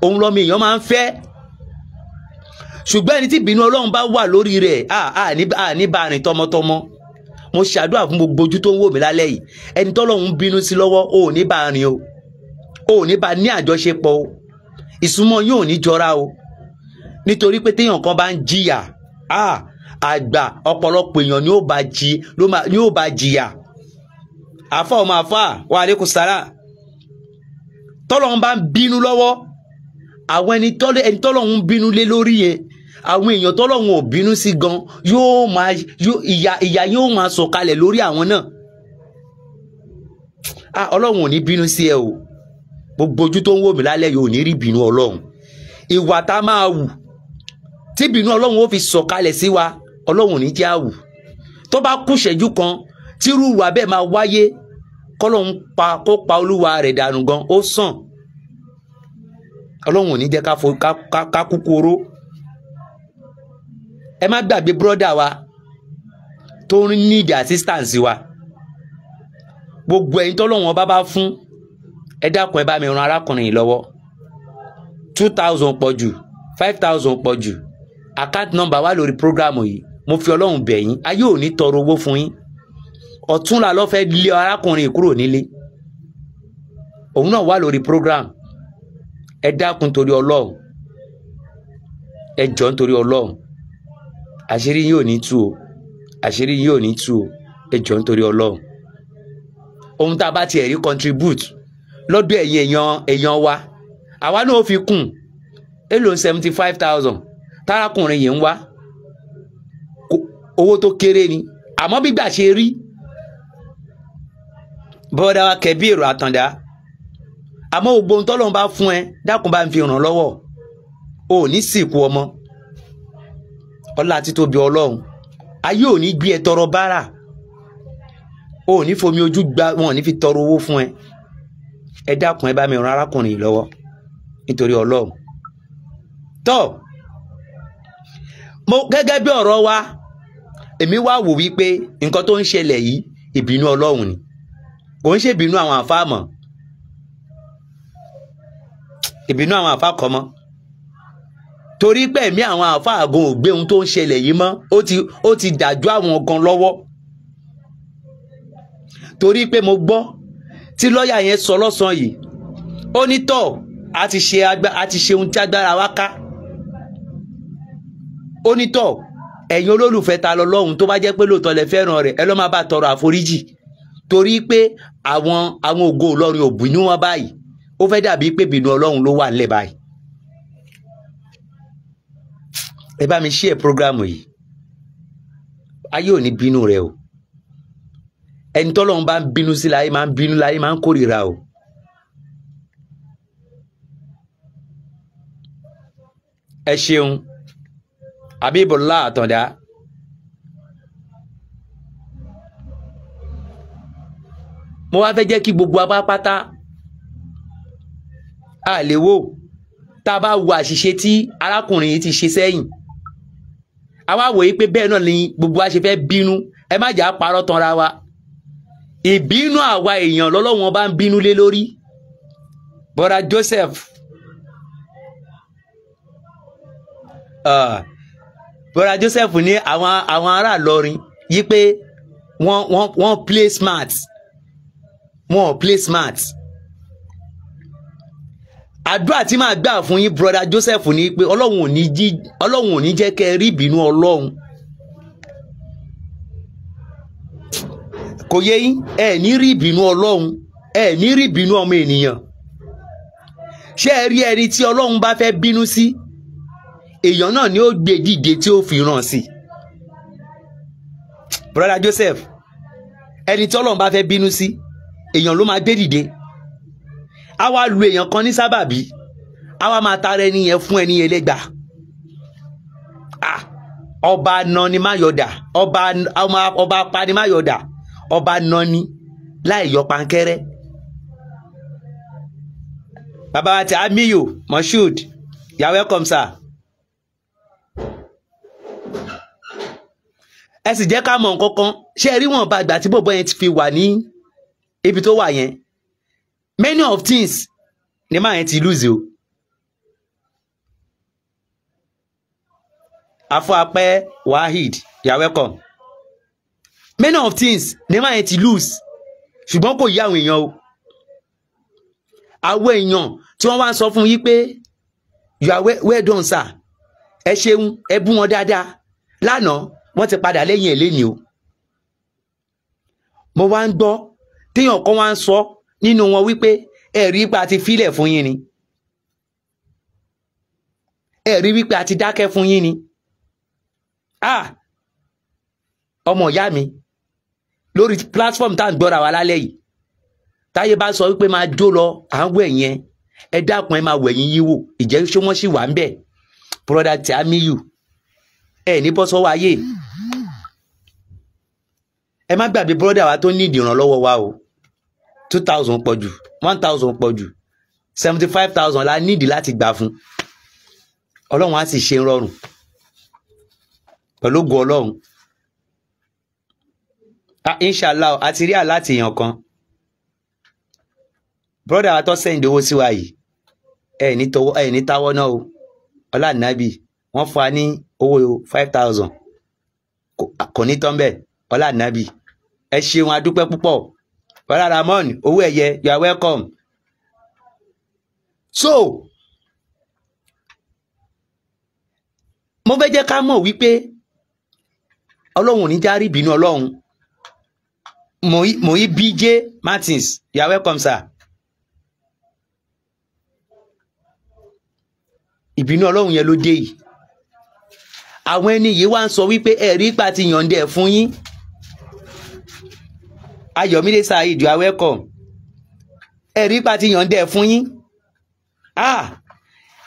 òun lọ́mọ èèyàn máa ń fẹ́ ṣùgbọ́n ẹni tí ìbínú ọlọ́run bá wà lórí rẹ̀ à à ní bá rìn tọmọtọmọ mo ṣàdúrà fún gbogbo ojú tó ń wò mí lálẹ́ yìí ẹni tọ́lọ́run bínú sí lọ́wọ́ o ò ní bá rìn o o ò ní bá ní àjọṣepọ̀ o ìsúnmọ́ yóò ní jọra o nítorí pé téèyàn kan bá ń jìyà àgbà ọ̀pọ̀lọpọ̀ èèyàn ni yóò bá jìyà àfa ọmọ àfa wa aleykum salaam tọ́lọ́run bá ń bínú lọ́wọ́ àwọn ẹni tọ́lọ́run ń bínú lé lórí yẹn àwọn èèyàn tọ́lọ́run ò bínú sí gan yóò máa ìyà ìyà yóò máa sọ̀kalẹ̀ lórí àwọn náà a ah, ọlọ́run ò ní bínú sí ẹ o gbogbo ojú tó ń wò mí lálẹ́ yóò ní rí bínú ọlọ́run ìwà tá a máa wù tí bínú ọlọ́run ó fi sọ̀kalẹ̀ sí wa ọlọ́run ò ní jẹ́ àwù tó bá kú ṣẹ́jú kan tírú ìwà bẹ́ẹ̀ máa wáyé kọ́lọ́run pa kó pa olúwa rẹ̀ dànù gan ó sàn ọlọ́run ò ní jẹ́ ká kúkú oró ẹ má gbàgbé brọ́dà wa tó ń need assistance wa gbogbo ẹ̀yin tọ́lọ́wọ́n bá bá fún ẹ dákun ẹ bá mi ran arákùnrin yìí lọ́wọ́ two thousand pọ̀ jù five thousand pọ̀ jù account number wà lórí programu yìí mo fi ọlọ́run bẹ̀ yín ayé ò ní tọrọ owó fún yín ọ̀túnla ló fẹ́ lé arákùnrin yìí kúrò nílé òun náà wà lórí program ẹ dákun torí ọlọ́run ẹ jọ̀ọ́ nítorí ọlọ́run àṣírí yóò ní tú o àṣírí yóò ní tú o ẹ jọ nítorí ọlọ́run ohun tá a bá tiẹ̀ rí contribute lọ́dọ̀ ẹ̀yin èèyàn èèyàn wa àwa náà fi kùn èlò seventy five thousand tárakùnrin yìí ń wá owó tó kéré ni àmọ́ bí ṣe rí bọ́dá wa kẹ̀bí èrò àtàndá àmọ́ gbogbo ohun tọ́lọ́run bá fún ẹ dákun bá ń fi ràn lọ́wọ́ o ò ní sìnkú ọmọ ọlá títóbi ọlọ́run ayé ò ní gbé ẹ tọrọ bárà o ò ní fomi ojú gba wọn ò ní fi tọrọ owó fún ẹ ẹ dákun ẹ bá mi ràn arákùnrin yìí lọ́wọ́ nítorí ọlọ́run tọ́ mo gẹ́gẹ́ bí ọ̀rọ̀ wa èmi wá wò wípé nǹkan tó ń ṣẹlẹ̀ yìí ìbínú ọlọ́run ni kò ń ṣèbínú àwọn àfáàmọ̀ ìbínú àwọn àfáàkọ́mọ́ torí pẹ̀mí àwọn àfáàgùn ò gbé ohun tó ń ṣẹlẹ̀ yìí mọ́ ó ti ó ti dàjú àwọn kan lọ́wọ́ torí pé mo gbọ́ tí lọ́ọ̀yà yẹn sọ lọ́sàn-án yìí ó ní tọ́ a ti ṣe agbá a ti ṣe ohun tí agbára wa ká ó ní tọ́ ẹ̀yin olólùfẹ́ ta lọ lọ́hùn tó bá jẹ́ pé lóòótọ́ lẹ fẹ́ràn rẹ̀ ẹ lọ́ máa bá tọrọ àforíjì torí pé àwọn àwọn ògo Ọlọ́run ò bínú wọn báyìí ó fẹ́ dàbí pé bínú Ọlọ́run ló wà nílẹ̀ báyìí ẹ bá mi share programu yìí ayé ò ní bínú rẹ o ẹni tọ́lọ́run bá ń bínú sí láyé máa ń bínú láyé máa ń kórìíra o. ẹ ṣeun abíbọlá àtàndá mo wá fẹ́ jẹ́ kí gbogbo apápátá a tá a bá wo àṣìṣe tí arákùnrin yìí ti ṣe sẹ́yìn àwa wòye pé bẹ́ẹ̀ náà ni gbogbo wa ṣe fẹ́ bínú ẹ má jà parọ́ tanra wa ìbínú àwa èèyàn lọ́lọ́wọ́n bá ń bínú lé lórí bọ́dà Joseph bọ́dà Joseph ní àwọn àwọn ará Ìlọrin yí pé wọ́n wọ́n wọ́n play smart wọ́n play smart àdúrà tí màá gbà fún yín broda Joseph ní pé ọlọ́run ò ní jẹ́ kẹ́ ẹ rí ìbínú ọlọ́run kò yẹ yín ẹ ní rí ìbínú ọlọ́run ẹ ní rí ìbínú ọmọ ènìyàn ṣé ẹ rí ẹni tí ọlọ́run bá fẹ́ bínú sí èèyàn náà ni ó gbé dìde tí ó fi ràn sí broda Joseph ẹni tí ọlọ́run bá fẹ́ bínú sí èèyàn ló máa gbé dìde a wá lu èèyàn kan ní sábàbí a wá máa tara ẹni yẹn fún ẹni yẹn lẹ́gbàá ah, ọba nani máyọ̀dà ọba ọba apani máyọ̀dà ọba nani láì yọ pankẹ́rẹ́ bàbá wa ti amiyo moshood you welcome sir. ẹ sì jẹ́ ká mọ̀ nǹkan kan ṣé ẹ rí wọn bá àgbà tí bòbọ́ yẹn ti fi wà ní ibi tó wà yẹn many of things ni máa yẹn ti lose o afọapẹ wahid you are welcome many of things ni máa yẹn ti lose ṣùgbọ́n kò yí àwọn èèyàn o àwọn èèyàn tí wọ́n wá ń sọ fún yín pé you are well, well done sir ẹ ṣeun ẹ bú wọn dáadáa lánàá wọ́n ti padà lẹ́yìn ẹ̀ lẹ́nìí o mo wá ń gbọ́ téèyàn kan wá ń sọ nínú wọn wípé ẹ̀rí wípé a ti filẹ̀ fún yín ni ẹ̀rí wípé a ti dákẹ́ fún yín ni ah ọmọ ìyá mi lórí platform tá à ń gbọ́ra wa lálẹ́ yìí táyé bá sọ wípé máa jó lọ à ń wẹ̀ yẹn ẹ dákun ẹ máa wẹ̀ yín yíwò ìjẹ́ ṣé wọ́n sì wà ń bẹ̀ broda Tìámíyù ẹ ní bọ́ sọ́wọ́ ayé ẹ má gbàgbé broda wa tó ní ìdìrànlọ́wọ́ wa o two thousand pọ̀ jù one thousand pọ̀ jù seventy five thousand la níìdì láti gbà fún ọlọ́run á sì ṣe rọrùn pẹ̀lú ògùn ọlọ́run ah, inshallah a ti rí àláti èèyàn kan brother wa tó sẹ́yìn owó sí wa yìí ẹ ní tọwọ́ ẹ ní táwọ́ náà o ọlànàbì wọ́n fún wa ní owó five thousand kò ní tán bẹ́ẹ̀ ọlànàbì ẹ ṣeun adúpẹ́ púpọ̀ bọ́lá ramon owó ẹ̀yẹ you are welcome. so mo fẹ́ jẹ́ ká mọ̀ wípé ọlọ́run ò ní járí ìbínú ọlọ́run moyi bj martins you are welcome sir. ìbínú ọlọ́run yẹn ló dé yìí àwọn ẹni yìí wá ń sọ wípé ẹ̀rí ipa ti yànjẹ́ fún yín ayọ̀mídé saheed you are welcome ẹ̀rí pa ti yànjẹ́ fún yín ah,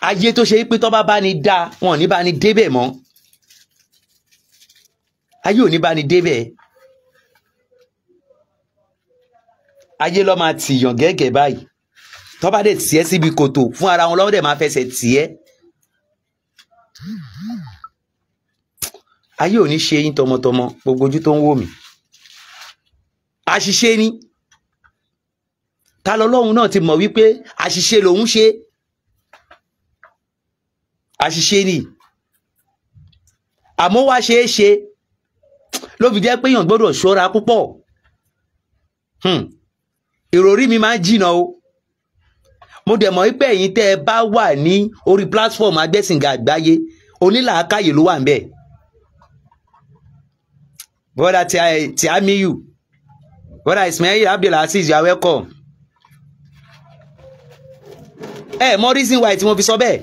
ayé tó ṣe pé tọ́ba bá ní da, wọn ò ní bá ní débẹ̀ mọ́ ayé ò ní bá ní débẹ̀ ayé lọ́ máa tìyàn gẹ́gẹ́ báyìí tọ́ba dẹ̀ tì ẹ́ síbi kòtò fún ara wọn lọ́wọ́ dẹ̀ máa fẹsẹ̀ tì ẹ́ ayé ò ní ṣe yín tọmọtọmọ gbogbo ojú tó ń wò mí àṣìṣe ni ta lọlọ́run náà ti mọ̀ wípé àṣìṣe lòun ṣe àṣìṣe ni àmọ́ wá ṣeé ṣe ló fi jẹ́ pé èèyàn gbọ́dọ̀ ṣọ́ra púpọ̀ hmm. ìròrí mi máa ń jìnnà o mo dẹ̀ mọ̀ wípé ẹ̀yin tẹ́ ẹ bá wà ní orí platform agbẹ́sìngà àgbáyé onílàákàyè ló wà ń bẹ̀ bọ́dà tí a mi yù brother Ismail Abdulaziz you are welcome ẹ mọ reason why tí mo fi sọ bẹ́ẹ̀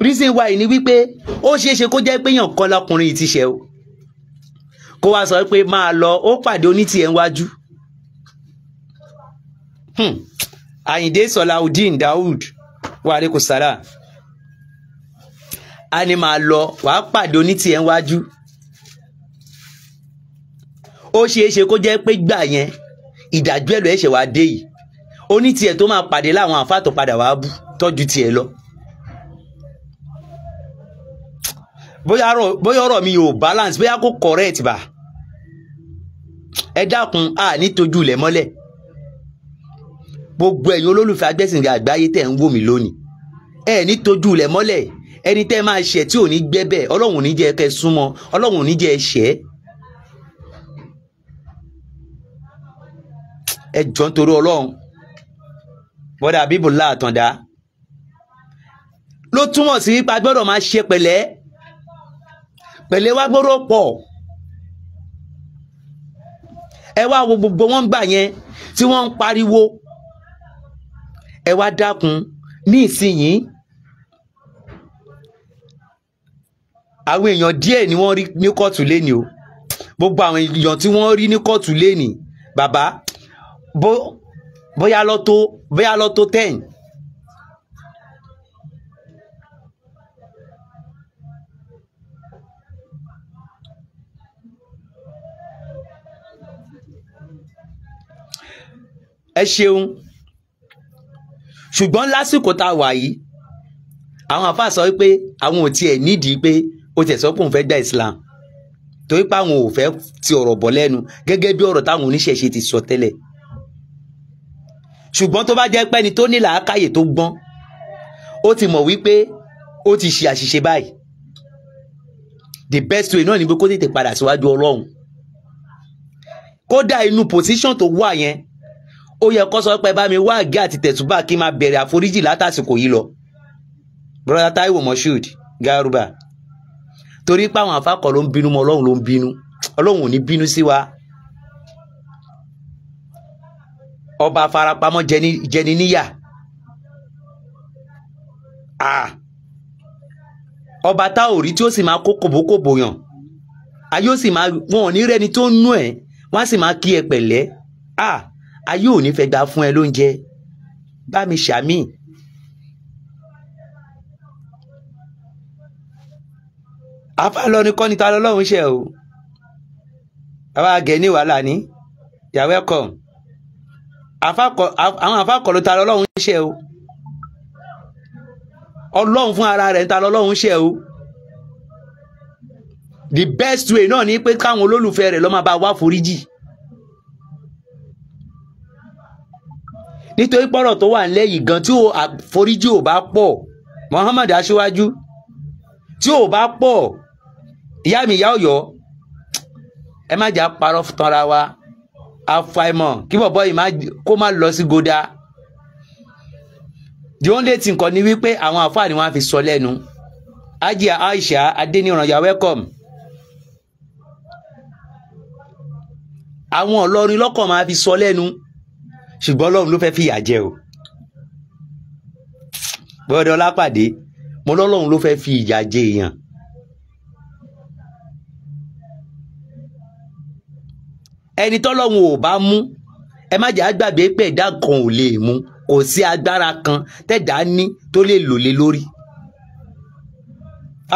reason why ni wípé ó ṣeé ṣe kó jẹ́ pé yàn kan lọkùnrin yìí ti ṣe o kó wá sọ pé máa lọ ó pàdé onítìẹ̀ níwájú Àyìndé hmm. Sọláudeen Daoud wa aleykum salaam a ní máa lọ wàá pàdé onítìẹ̀ níwájú ó ṣeé ṣe kó jẹ́ pé gbà yẹn ìdájọ́ ẹ̀lọ́ ẹ̀ṣẹ̀ wàá dé yìí oní tiẹ̀ tó máa pàdé láwọn àfàtọ̀ padà wàá bú tọ́jú tiẹ̀ lọ. bóyá ọ̀rọ̀ mi ò balance bóyá kò correct bá ẹ dákun a ní tojú ilẹ̀ mọ́lẹ̀ gbogbo ẹ̀yin olólùfẹ́ agbẹ́sìn àgbáyé tẹ̀ ń wò mí lónìí ẹ ní tojú ilẹ̀ mọ́lẹ̀ ẹni tẹ́ máa ṣẹ̀ tí ò ní gbẹ́bẹ̀ ọlọ́run ò ní jẹ́ kẹ́ súnmọ́ ọlọ́run ò ní jẹ́ ṣẹ́ ẹ jọ nítorí ọlọ́run bọ́dà Abíbùlá Àtàndá ló túmọ̀ sí pa gbọ́dọ̀ máa ṣe pẹ̀lẹ́ pẹ̀lẹ́ wá gbọ́dọ̀ pọ̀ ẹ wá wo gbogbo wọn gbà yẹn tí wọ́n ń pariwo ẹ wá dákun ní ìsinyìí àwọn èèyàn díẹ̀ ni wọ́n rí ní kóòtù lẹ́nìí o gbogbo àwọn èèyàn tí wọ́n rí ní kóòtù lẹ́nìí bàbá bóyá lọ tó bóyá lọ tó ten. ẹ ṣeun ṣùgbọ́n lásìkò tá a wà yìí àwọn àfa sọ pé àwọn ò tiẹ̀ nídìí pé o tẹ̀ sọ pé òun fẹ́ gba Islam torí pé àwọn ò fẹ́ ti ọ̀rọ̀ bọ̀ lẹ́nu gẹ́gẹ́ bí ọ̀rọ̀ táwọn oníṣẹ̀ṣe ti sọ tẹ́lẹ̀ ṣùgbọ́n tó bá jẹ́ pẹ́ni tó ní làákàyè tó gbọ́n ó ti mọ̀ wípé ó ti ṣe àṣìṣe báyìí the best way náà ni pé kó tètè padà síwájú ọlọ́run kódà inú position tó wà yẹn ó yẹ kó sọ pé bá mi wá àgé àti tẹ̀sùbà kí n máa bẹ̀rẹ̀ àforíjì látàsìkò yìí lọ brother Taiwo Moshood Garuba torí pé àwọn àfàkọ́ ló ń bínú mọ́ ọlọ́run ló ń bínú ọlọ́run ò ní bínú sí wa ọba farapamọ́ jẹni níyà ọba tá ò rí tí ó sì máa kó kòbókòbó yàn ayé ó sì máa wọn ò ní rẹni tó ń nú ẹ wọn á sì máa kí ẹ pẹ̀lẹ́ ayé ò ní fẹ́ gbà fún ẹ lóúnjẹ bá mi ṣàmì. afálọ́ni kọ́ni ta lọ́lọ́run ṣe o àwa gẹ̀ wàhálà ni you are welcome àwọn àfàkọ̀lù ta lọ́lọ́run ṣe o ọlọ́run fún ara rẹ̀ ń ta lọ́lọ́run ṣe o the best way náà ni pé káwọn olólùfẹ́ rẹ̀ ló máa bá wá foríjì nítorí pọ́rọ̀ tó wà nílẹ̀ gan tí àforíjì ò bá pọ̀ Muhammad Aṣíwájú tí ò bá pọ̀ ìyá mi ìyá Ọ̀yọ́ ẹ má jà parọ́ tanra wa àfàìmọ̀ kí bọ̀bọ̀ yìí kó má lọ sí goda. the only thing kan ni wípé àwọn àfáà ni wọ́n fi sọ lẹ́nu ajia aisha adeniran you are welcome àwọn ọlọ́rin lọ́kàn máa fi sọ lẹ́nu ṣùgbọ́n ọlọ́run ló fẹ́ fìyà jẹ o bọ́dọ̀ lápàdé mo lọ́lọ́run ló fẹ́ fi ìyà jẹ èèyàn ẹni tọ́lọ́run ò bá mú ẹ má jà á gbàgbé pé ẹ̀dá kan ò lè mú kò sí agbára kan tẹ̀dá ní tó lè lò lé lórí.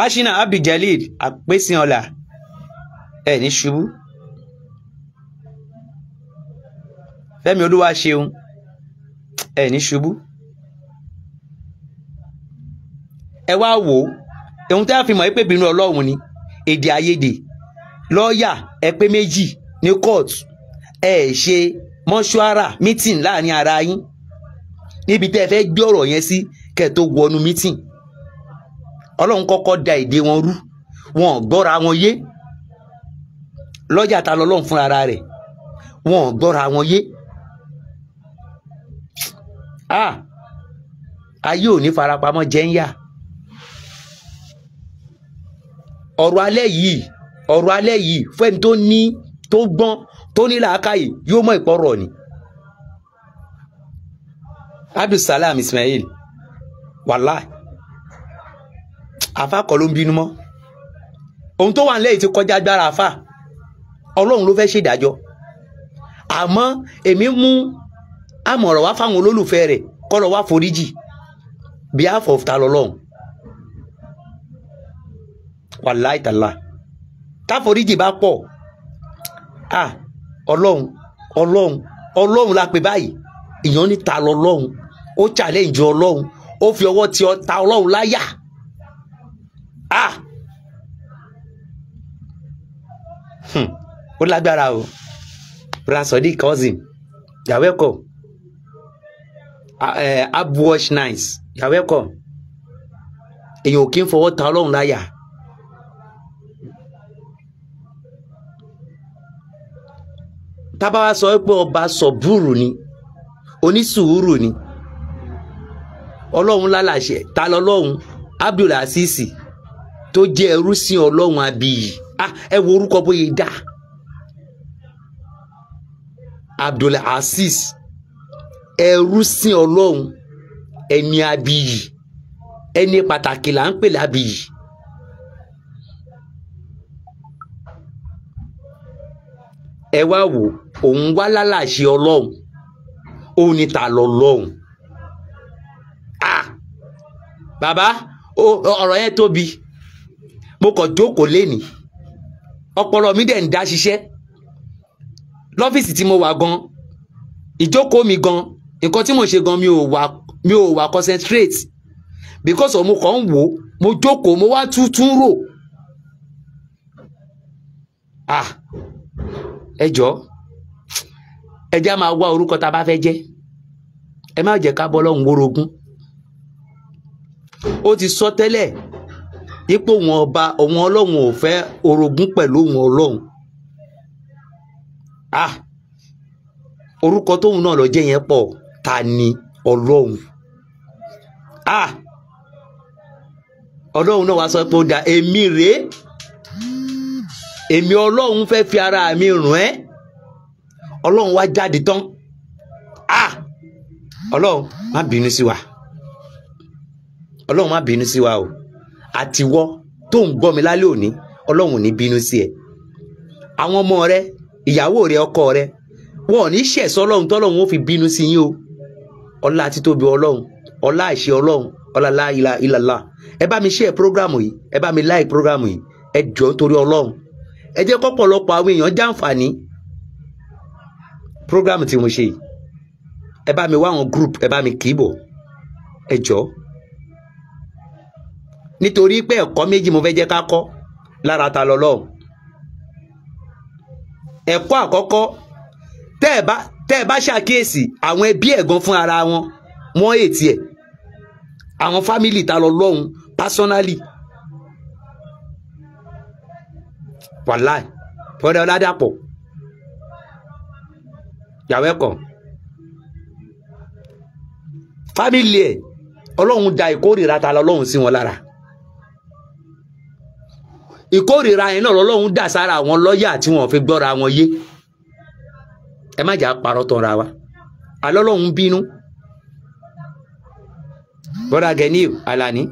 ashina abduljalil àpèsìn ọ̀la ẹ ní ṣubú. fẹ́mi olúwa ṣeun ẹ ní ṣubú. ẹ wá wò ó ohun tí a fi mọ̀ ẹ́ pé bínú ọlọ́run ni èdè àìyedè lọ́ọ̀yà ẹ pé méjì ní court ẹ ṣe mọ́ṣúárà meeting láàrin ara yín níbi tẹ́ ẹ fẹ́ gbé ọ̀rọ̀ yẹn sí kẹ́ wọnú meeting ọlọ́run kọ́kọ́ da èdè wọn rú wọn gbọ́ra wọn yé lọ́jà ta lọ́lọ́run fúnra ara rẹ̀ wọn gbọ́ra wọn yé a ayé ò ní farapamọ́ jẹ́ńyà ọ̀rọ̀ alẹ́ yìí ọ̀rọ̀ alẹ́ yìí fún tó ní tó gbọ́n tó ní làákàyè yóò mọ ìpọ́rọ̀ ni. Abdulsalam Ismail wàláì àfa kọ́ ló ń bínú mọ́ ohun tó wà nílẹ̀ yìí ti kọjá agbára àfa ọlọ́run ló fẹ́ ṣèdájọ́ àmọ́ èmi mú àmọ̀ràn wá fáwọn olólùfẹ́ rẹ̀ kọ́ wá foríjì behalf of ta lọ́lọ́run wàláì tàlà táforíjì bá pọ̀ Ah, ọlọ́run ọlọ́run ọlọ́run la pè báyìí èèyàn ní ta lọ́lọ́run ó challenge ọlọ́run ó fi ọwọ́ ti ta ọlọ́run láyà à hmm, ó lágbára o rasodi cousin you are welcome eh, abuwash nice you are welcome èèyàn ò kí ń fọwọ́ ta ọlọ́run láyà. tábà wá sọ pé ọba sọ̀búrù ni onísùúrù ni ọlọ́run lálàṣẹ ta lọ́lọ́run Abdul Azeez tó jẹ́ ẹrú sí ọlọ́run abiyì ah ẹ wo orúkọ bóyá dá Abdul Azeez ẹrú sí ọlọ́run ẹni abiyì ẹni pàtàkì là ń pè lábiyì. ẹ wá wò ó òun wá lálàṣẹ ọlọ́run òun ni ta lọ lọ́hùn ah bàbá ọ̀rọ̀ yẹn tóbi mo kàn jókòó lénìí ọpọlọ mi dẹ̀ ń dá ṣiṣẹ́ lọ́fíìsì tí mo wà gan ìjókòó mi gan nǹkan tí mo ṣe gan mi ò wà concentrate because mo kàn ń wò mo jókòó mo wá tuntun rò ah ẹ jọ̀ọ́ ẹ ma máa wá orúkọ tá a bá fẹ jẹ ẹ má jẹ ká bọ lọ́hùn wórogún ó ti sọ tẹlẹ ipò wọn ọba òun ọlọ́run ò fẹ orogún pẹ̀lú òun ọlọ́run ah orúkọ tóun náà lọ jẹ́ yẹn pọ, ta ni ọlọ́run ah ọlọ́run náà wá da èmi rèé èmi fi ara ọlọ́run wá jáde tán a ọlọ́run má bínú sí wa ọlọ́run má bínú sí wa o àtiwọ́ tó ń gbọ́ mi lálẹ́ òní ọlọ́run ò ní bínú sí ẹ àwọn ọmọ rẹ ìyàwó rẹ ọkọ rẹ wọn ò ní ṣẹ̀sọ́ ọlọ́run tọ́lọ́run ó fi bínú sí yín o ọlá títóbi ọlọ́run ọlá àṣẹ ọlọ́run ọlá láìla ìlàlá ẹ bá mi share prógrámù yìí ẹ bá mi like prógrámù yìí ẹ jọ̀ọ́ nítorí ọlọ́run ẹ jẹ́ kọ́pọ̀lọpọ̀ àwọn èèyàn jàǹfààní program tí mo ṣe yìí ẹ bá mi wá àwọn group ẹ bá mi kì í bọ̀ ẹ jọ nítorí pé ẹ̀kọ́ méjì mo fẹ́ jẹ́ ká kọ́ lára ta lọ́lọ́run ẹ̀kọ́ àkọ́kọ́ tẹ́ ẹ bá tẹ́ ẹ bá ṣàkíyèsí àwọn ẹbí ẹ̀gan fún ara wọn wọ́n ètì ẹ̀ àwọn fámìlì ta lọ lọ́hùn pásọ́nálì wàláì fọdẹ ọládàpọ̀ you are welcome family ẹ ọlọ́run da ìkórìíra ta lọ́lọ́run sí wọn lára ìkórìíra yẹn náà lọ́lọ́run dà sára àwọn lọ́ọ̀yà tí wọ́n fi gbọ́ra wọn yé ẹ má jà parọ́ tọ́ra wa alọ́lọ́run bínú bọ́dà gẹ̀ẹ́nì alani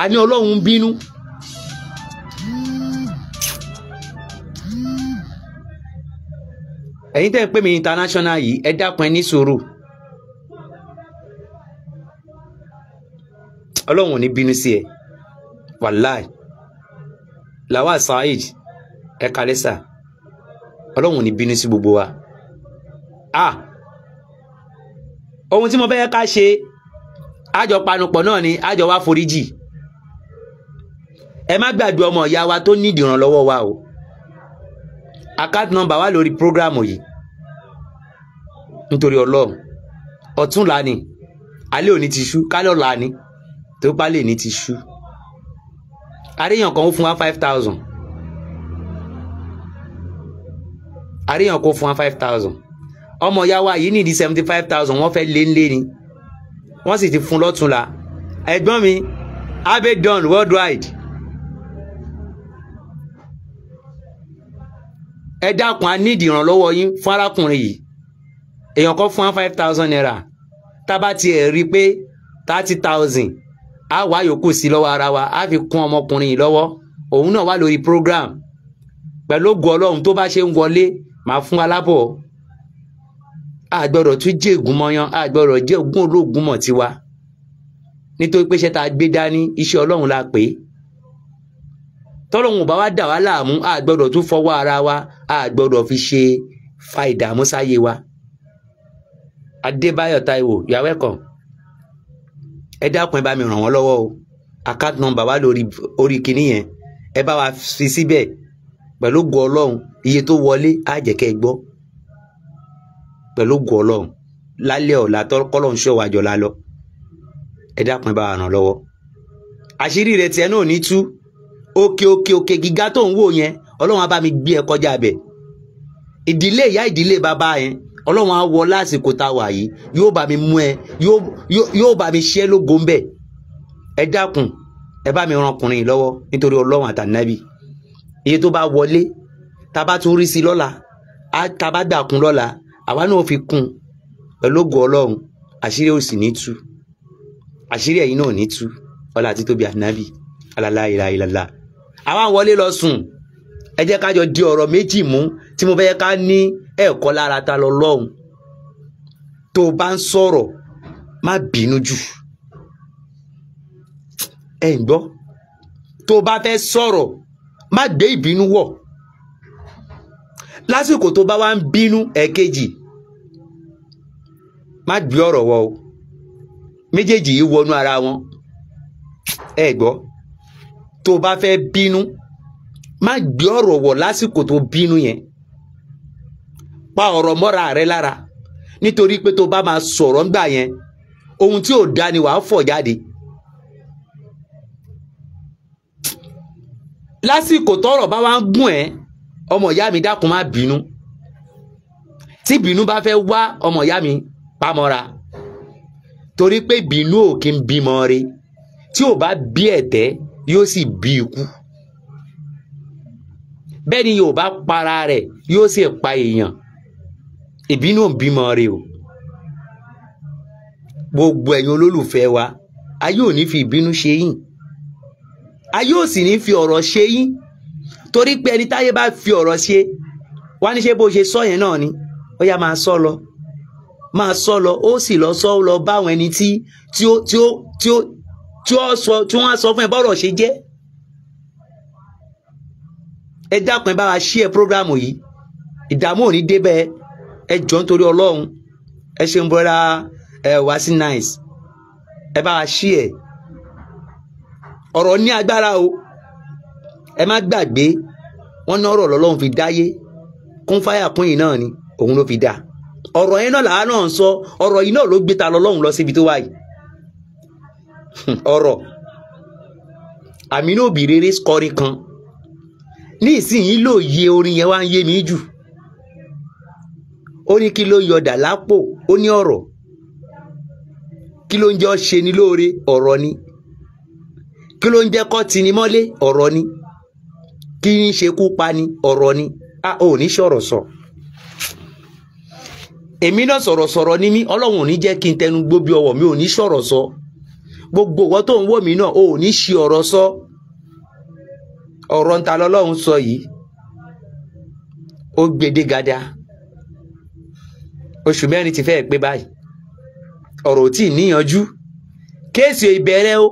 a ní ọlọ́run bínú. ẹ̀yin tẹ́ ń pè mí international yìí ẹ dápẹ́ ní sùúrù ọlọ́run ò ní bínú sí ẹ wàláì Lawal Saheed ẹ kalẹ́ sà ọlọ́run ò ní bínú sí gbogbo wa ah ohun tí mo fẹ́ ká ṣe àjọ panupọ̀ náà ni àjọ wa foríjì ẹ má gbàgbé ọmọ ìyá wa tó nídìí ìrànlọ́wọ́ wa o account number wà lórí program yìí nítorí ọlọ́run ọ̀túnla ni alẹ́ òní ti ṣú kálẹ̀ ọ̀la ni to bá lè ní ti ṣú kan ó fún wa five thousand àríyàn kan ó fún wa five thousand ọmọ ìyá wa yìí nìdí seventy five thousand wọ́n fẹ́ lé ńlé ni wọ́n sì ti fún lọ́túnla ẹ̀gbọ́n mi abedon worldwide ẹ dákun a nídìí ìrànlọ́wọ́ yín fún arákùnrin yìí èèyàn kan fún five thousand naira tá a bá tiẹ̀ rí i pé thirty thousand á wá yòókù sí lọ́wọ́ ara wa á fi kún ọmọkùnrin yìí lọ́wọ́ òun náà wà lórí program pẹ̀lú ògùn ọlọ́run tó bá ṣe ń wọlé màá fún alábọ̀ àgbọ̀rọ̀ tún jẹ́ ègún mọ́yán àgbọ̀rọ̀ jẹ́ ògùn olóògùn mọ̀ tiwa nítorí pé iṣẹ́ tá a gbé dání iṣẹ́ ọlọ́run la pè é tọ́lọ́hún bá wá dà wá láàmú a tún fọwọ́ ara wa a fi ṣe fa ìdààmú sáyé wa. Adébáyọ̀ Táíwò you are welcome ẹ dákun ẹ bá mi ràn wọ́n lọ́wọ́ o account number wa lórí orí kinní yẹn ẹ bá wa fi síbẹ̀ pẹ̀lú ògo Ọlọ́run iye tó wọlé á gbọ́ pẹ̀lú ògo Ọlọ́run lálẹ́ ọ̀la kọ́lọ́hún ṣọ́ wájọ́ lálọ́ ẹ dákun ẹ bá wa ràn lọ́wọ́ àṣírí rẹ̀ tiẹ̀ náà ní tú òkè òkè òkè gíga tó ń wò yẹn ọlọ́run á bá mi gbé ẹ kọjá bẹ̀ ìdílé ìyá ìdílé bàbá yẹn ọlọ́run á wọ lásìkò tá a wà yìí yóò bá mi mú ẹ yóò bá mi ṣe é lógo ńbẹ ẹ dákun ẹ bá mi ran ọkùnrin yìí lọ́wọ́ nítorí ọlọ́run àtànábì iye tó bá wọlé tá a bá tún rí sí i lọ́la tá a bá dàkun lọ́la àwa náà fi kún ológo ọlọ́run àṣírí ò sì ní tú àṣírí ẹ̀yin náà ní tú ọlá àti tóbi ànábì alálàá ìlà ìlàlá àwa wọlé lọ sùn ẹ jẹ́ ká jọ di ọ̀rọ̀ méjì mú tí mo fẹ́ ká ní ẹ̀kọ́ lára ta lọ lọ́hùn tó o bá ń sọ̀rọ̀ má bínú jù ẹ ń gbọ́ tó o bá fẹ́ sọ̀rọ̀ má gbé ìbínú wọ̀ lásìkò tó bá wá ń bínú ẹ̀kejì má gbé ọ̀rọ̀ wọ̀ o méjèèjì yìí wọnú ara wọn ẹ gbọ́ tó bá fẹ́ bínú má gbé ọ̀rọ̀ wọ̀ lásìkò tó bínú yẹn pa ọ̀rọ̀ mọ́ra rẹ lára nítorí pé tó bá máa sọ̀rọ̀ ńgbà yẹn ohun tí ò dá ni wàá fọ̀ jáde. lásìkò tọ́rọ̀ bá wá ń gùn ẹ́ ọmọ ìyá mi dákun má bínú tí bínú bá fẹ́ wá ọmọ ìyá mi pamọ́ra torí pé bínú ò kí ń bímọ re tí ò bá bí ẹ̀tẹ́ yóò sì bí ikú bẹ́ẹ̀ ni yóò bá para rẹ̀ yóò sì pa èèyàn ìbínú bímọ rẹ̀ o gbogbo ẹ̀yin olólùfẹ́ wa a yóò ní fi ìbínú ṣe yín a yóò sì ní fi ọ̀rọ̀ ṣe yín torí pé ẹni táyé bá fi ọ̀rọ̀ ṣe wá ní ṣe bó ṣe sọ yẹn náà ni ó yá máa sọ lọ máa sọ lọ ó sì lọ sọ lọ bá ẹni tí tí ó tí ó tí ó tí wọ́n á sọ fún ẹ bọ́rọ̀ ṣe jẹ́ ẹ dákun ẹ bá wa ṣí ẹ prógrámù yìí ìdààmú ò ní débẹ̀ ẹ jọ nítorí ọlọ́run ẹ ṣe ń bọ́ra ẹ wá sí nice ẹ bá wa ṣí ẹ ọ̀rọ̀ ní agbára o ẹ má gbàgbé wọ́n ná ọ̀rọ̀ lọ́lọ́run fi dáyé kún fáyà kún yìí náà ni òun ló fi dá ọ̀rọ̀ yẹn náà làá náà ń sọ ọ̀rọ̀ yìí náà ló gbé ta lọ́lọ́run lọ síbi tó wáyìí ọ̀rọ̀ àmínú òbí rere kọrin kan ní ìsinyìí ló yẹ orin yẹn wá ń yé mi jù ó ní kí ló ń yọdà lápò ó ní ọ̀rọ̀ kí ló ń jẹ́ ṣe ni lóore ọ̀rọ̀ ni kí ló ń jẹ́ kọ́ tini mọ́lé ọ̀rọ̀ ni kí ń ṣe kú pa ni ọ̀rọ̀ ni a ò ní sọ̀rọ̀ sọ. èmi náà sọ̀rọ̀sọ̀rọ̀ ni mí ọlọ́run ò ní jẹ́ kí n tẹnu gbóbi ọwọ́ mi ò ní sọ̀rọ̀ sọ. So gbogbo ìwọ tó ń wò mí náà o ò ní ṣe ọ̀rọ̀ sọ ọ̀rọ̀ ńta lọ́lọ́run sọ yìí ó gbèdé gada oṣù mẹ́rin ti fẹ́ẹ̀ pé báyìí ọ̀rọ̀ ò tí ì níyanjú kéèsì ìbẹ̀rẹ̀ o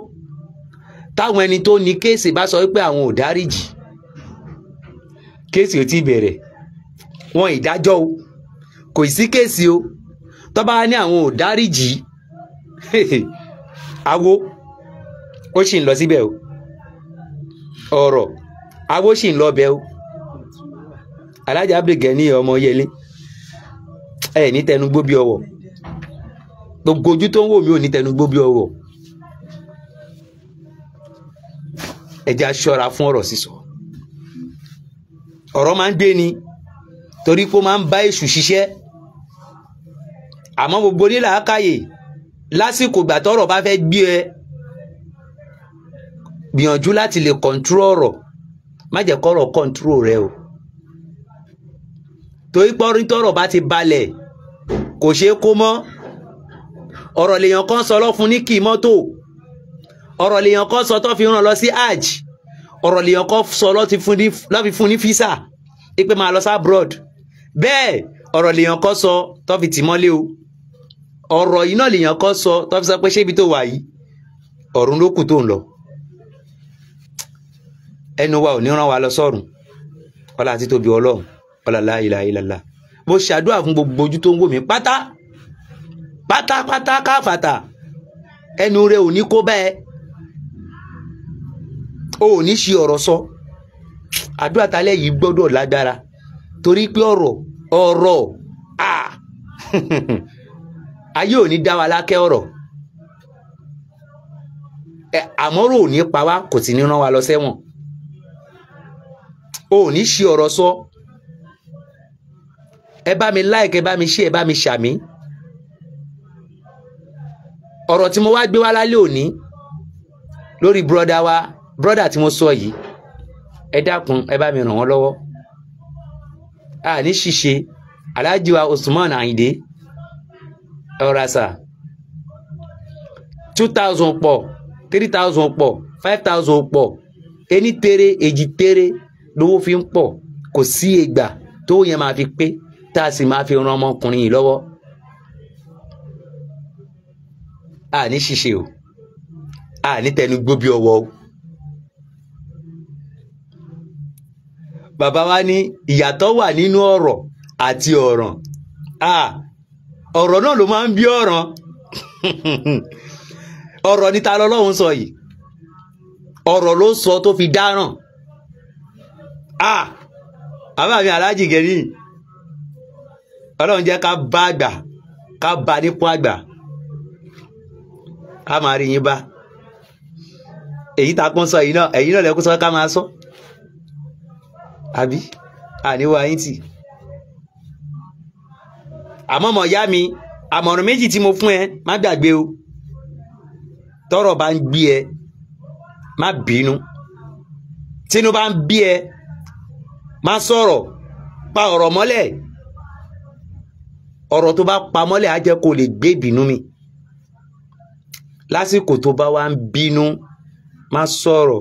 táwọn ẹni tó ní kéèsì bá sọ pé àwọn ò dáríjì kéèsì ò tí ì bẹ̀rẹ̀ wọn ìdájọ́ o kò sí kéèsì o tó ní àwọn ò dáríjì *laughs* awo ó sì ń lọ síbẹ̀ o ọ̀rọ̀ awo sì ń lọ bẹ̀ o alájà abdulgani ọmọ yẹlé ẹ ní tẹnugbó bí ọwọ́ gbogbo ojú tó ń wò mí ò ní tẹnugbó bí ọwọ́ ẹ jẹ́ fún ọ̀rọ̀ sísọ ọ̀rọ̀ máa ń gbé ni torí pé ó máa ń bá èṣù ṣiṣẹ́ àmọ́ gbogbo nílà á káyè lásìkò ìgbà tọ́rọ̀ bá fẹ́ gbé ẹ gbìyànjú láti lè kọńtúrò ọ̀rọ̀ má jẹ́ kọ́rọ̀ kọńtúrò rẹ o torí pọrin tọ́rọ̀ bá ti balẹ̀ kò ṣeé kó mọ́ ọ̀rọ̀ lèèyàn kan sọ lọfun ní kì í mọ́tò ọ̀rọ̀ lèèyàn kan sọ tó fi ràn lọ sí hajj ọ̀rọ̀ lèèyàn kan sọ lọ fi fún ní fisa ipe máa lọ sí abroad bẹ́ẹ̀ ọ̀rọ̀ lèèyàn kan sọ tó fi tì mọ́lé o ọ̀rọ̀ yìí náà lèèyàn kọ́ sọ tó fi sọ pé ṣé ibi tó wà yìí ọ̀run ló kù tó ń lọ ẹnu wa ò ní ràn wá lọ sọ́run ọlá àti tóbi ọlọ́run ọlá la ilaha mo ṣàdúrà fún gbogbo ojú tó ń wò mí pátá pátápátá káfàtà ẹnu rẹ ò ní kó bẹ́ẹ̀ o ò ní ṣe ọ̀rọ̀ sọ àdúrà talẹ́ yìí gbọ́dọ̀ lágbára torí pé ọ̀rọ̀ ọ̀rọ̀ ah *laughs* ayé ò ní dá wa lákẹ́ ọ̀rọ̀ àmọ́rò ò ní pa wá kò sì ní rán wa lọ sẹ́wọ̀n o ò ní ṣe ọ̀rọ̀ sọ ẹ bá mi like ẹ bá mi share ẹ bá mi ṣàmì ọ̀rọ̀ tí mo wá gbé wá lálẹ́ òní lórí bùrọ̀dá wa bùrọ̀dá tí mo sọ yìí ẹ dákun ẹ bá mi ràn wọ́n lọ́wọ́ a ní ṣíṣe Alhaji wa Usman Ayinde ọ̀rà sà two thousand pọ̀ three thousand pọ̀ five thousand pọ̀ ẹni tere èjì tere lówó fi ń pọ̀ kò sí ìgbà tó yẹn máa fi pé tá a sì máa fi ran ọmọkùnrin yìí lọ́wọ́ a ní ṣíṣe o a ní tẹnu gbóbi ọwọ́ o. bàbá wa ní ìyàtọ̀ wà nínú ọ̀rọ̀ àti ọ̀ràn a. Ah, ọ̀rọ̀ náà ló máa ń bí ọ̀ràn ọ̀rọ̀ ni ta lọ́lọ́run sọ yìí ọ̀rọ̀ ló sọ tó fi dáràn ah àbá mi aláàjì gẹ̀rí ọlọ́run jẹ́ ká bá àgbà ká bá nípò àgbà ká máa rí yín bá èyí tá a kún sọ èyí náà èyí náà lẹ́kún sọ ká máa sọ àbí àníwá yín tì àmọ́ mọ̀ yá mi àmọ̀ràn méjì tí mo fún ẹ má gbàgbé o tọ́rọ̀ bá ń gbé ẹ má bínú tínú bá ń bí ẹ má sọ̀rọ̀ pa ọ̀rọ̀ mọ́lẹ̀ ọ̀rọ̀ tó bá pa mọ́lẹ̀ á jẹ́ kó lè gbé ìbínú mi lásìkò tó bá wá ń bínú má sọ̀rọ̀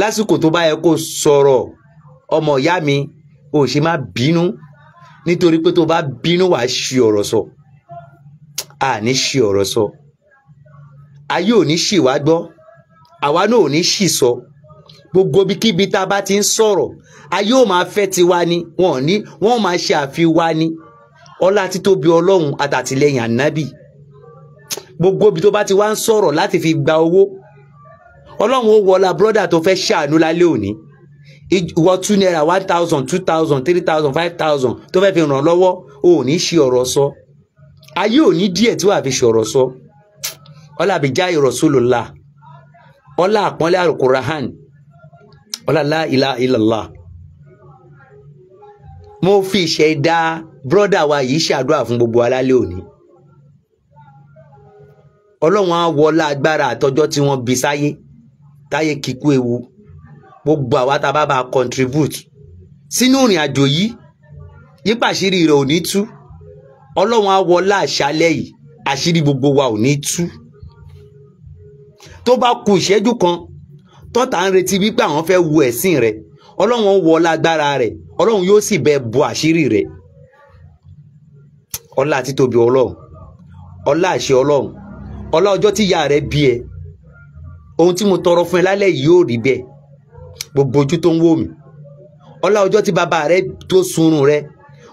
lásìkò tó bá yẹ kó sọ̀rọ̀ ọmọ ìyá mi ò ṣe má bínú nítorí pé tó bá bínú wàá ṣi ọ̀rọ̀ sọ a ní ṣi ọ̀rọ̀ sọ ayé ò ní ṣì wá gbọ́ àwa náà ò ní ṣì sọ gbogbo ibikíbi tá a bá ti ń sọ̀rọ̀ ayé ò máa fẹ́ tiwa ni wọn ò ní wọn ò máa ṣe àfiwá ni ọlá títóbi ọlọ́run àtàtìlẹ́yìn ànábì gbogbo ibi tó bá ti wá ń sọ̀rọ̀ láti fi gba owó ọlọ́run ó wọlá bírọ́dà tó fẹ́ ṣàánú lálẹ́ òní ìwọ two naira one thousand two thousand three thousand five thousand tó fẹ́ fi ràn lọ́wọ́ o ò ní ṣe ọ̀rọ̀ sọ ayé ò ní díẹ̀ tí wàá fi ṣe ọ̀rọ̀ sọ ọlá àbíjá ìrọ̀sọ́lọ́lá ọlá àpọ́nlé àrùkùrahàn ọlá lá ilá ilàlá mo fi ìṣẹ̀dá bírọ́dà wa yìí ṣàdúrà fún gbogbo alálẹ́ òní ọlọ́run á wọlá agbára àtọjọ́ tí wọ́n bí sáyé táyé kíkú ewu gbogbo àwa tá a bá bá a contribute sínú ìrìn àjò yìí yípa àṣírí rẹ̀ ò ní tú ọlọ́run á wọlá àṣálẹ́ yìí àṣírí gbogbo wa ò ní tú tó bá ku ìṣẹ́jú kan tọ́ta ń retí wípé àwọn fẹ́ wu ẹ̀sìn rẹ̀ ọlọ́run wọlá agbára rẹ̀ ọlọ́run yóò sì bẹ bo àṣírí rẹ̀ ọlá títóbi ọlọ́run ọlá àṣẹ ọlọ́run ọlá ọjọ́ tíyá rẹ̀ bí ẹ ohun tí mo tọrọ fún ẹ lálẹ́ yìí yóò rí bẹ́ẹ̀ gbogbo ojú tó ń wò mí ọlá ọjọ́ tí bàbá rẹ tó sunrun rẹ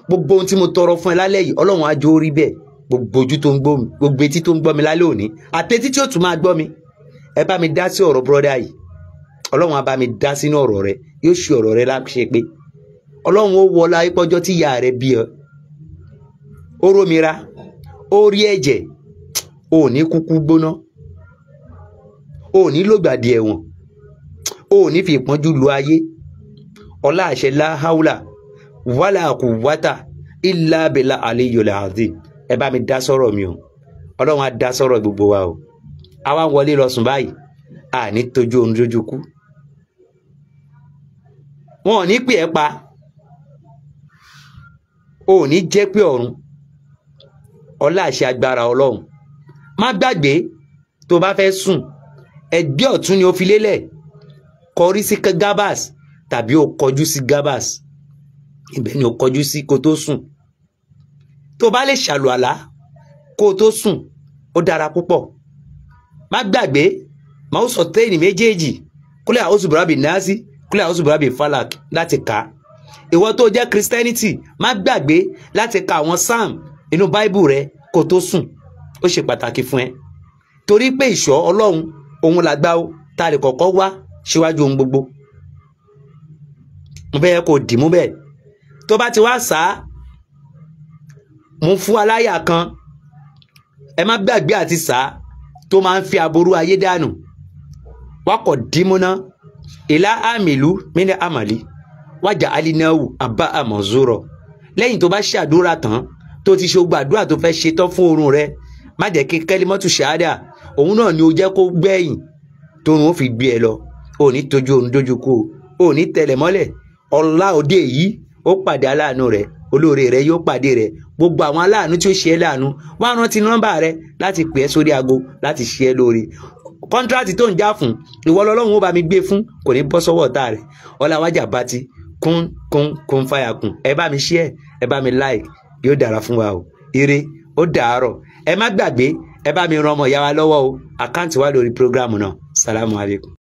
gbogbo ohun tí mo tọrọ fún ẹ lálẹ́ yìí ọlọ́run á jó rí bẹ́ẹ̀ gbogbo ojú tó ń gbọ́ mi gbogbo etí tó ń gbọ́ mi lálẹ́ òní àtẹ́tí tí ó tún máa gbọ́ mi ẹ bá mi dá sí ọ̀rọ̀ bọ́dá yìí ọlọ́run á bá mi dá sínú ọ̀rọ̀ rẹ yóò ṣe ọ̀rọ̀ rẹ láṣẹ pé ọlọ́run ó wọlá ipọ́jọ́ tí ìyá rẹ bí ọ ó rómira ó rí ẹ̀jẹ̀ ò kúkú gbóná ò lògbàdì ẹ̀wọ̀n o ò ní fi ìpọ́njú lu ayé ọlá àṣẹ láháúlà wàlà quwwata illa billa aliyyul azim ẹ bá mi dá sọ̀rọ̀ mi o ọlọ́run á dá sọ̀rọ̀ gbogbo wa o àwa wọlé lọ sùn báyìí àní tójú oorun lójú kú wọn ò ní pè ẹ́ pa o ò ní jẹ́ pé ọ̀run ọlá àṣẹ agbára ọlọ́run má gbàgbé tó bá fẹ́ sùn ẹgbẹ́ ọ̀tún ni ó fi lélẹ̀ kọrí sí gabas tàbí o kọjú sí gabas ibẹ̀ ni o kọjú sí kó tó sùn tó bá lè ṣàlùwàlá kó tó sùn ó dára púpọ̀ má gbàgbé màá sọ téèni méjèèjì kúlẹ̀ àwọn oṣùbùrábì násì kúlẹ̀ àwọn oṣùbùrábì falak láti kà á ìwọ tó jẹ́ christianity má gbàgbé láti ka àwọn psalm inú bible rẹ kó tó sùn ó ṣe pàtàkì fún ẹ torí pé ìṣọ́ ọlọ́run òun làgbà ó ta lè kọ́kọ́ wá síwájú ohun gbogbo mo fẹ́ kó dì mú bẹ́ẹ̀ tó bá ti wá sá mo fún aláyà kan ẹ má gbàgbé àti sá tó máa ń fi aburú ayé dànù wakọ̀ dímúná ìlà àmìlú mínú àmàlí wájà alínáwù àbá àmọ̀zúrọ̀ lẹ́yìn tó bá ṣàdúrà tán tó ti ṣe gbàdúrà tó fẹ́ ṣe tán fún oorun rẹ má jẹ́ kí kẹ́límọ́tù ṣáádà òun náà ni ó jẹ́ kó gbẹ̀yìn tó ń fi gbé ẹ lọ òní tójú òun dójú kú o òní tẹlẹ̀ mọ́lẹ̀ ọlá òde yìí ó pàdé aláàánú rẹ̀ olóore rẹ̀ yóò pàdé rẹ̀ gbogbo àwọn aláàánú tí ó ṣe é láàánú wá rántí nọ́mbà rẹ̀ láti pè é sórí aago láti ṣe é lóore kọ́ńtíráàtì tó ń já fún ìwọ lọ́lọ́run ó bá mi gbé fún kò ní bọ́ sọ́wọ́ ọ̀tá rẹ̀ ọláwájà bá ti kún kún kún fàyà kún ẹ bá mi share ẹ bá mi like yóò dára fún wa o ire ó dàárọ̀ ẹ má gbàgbé ẹ bá mi ran ọmọ ìyá wa lọ́wọ́ o àkáǹtì wa lórí prógráàmù náà salamu alaykum.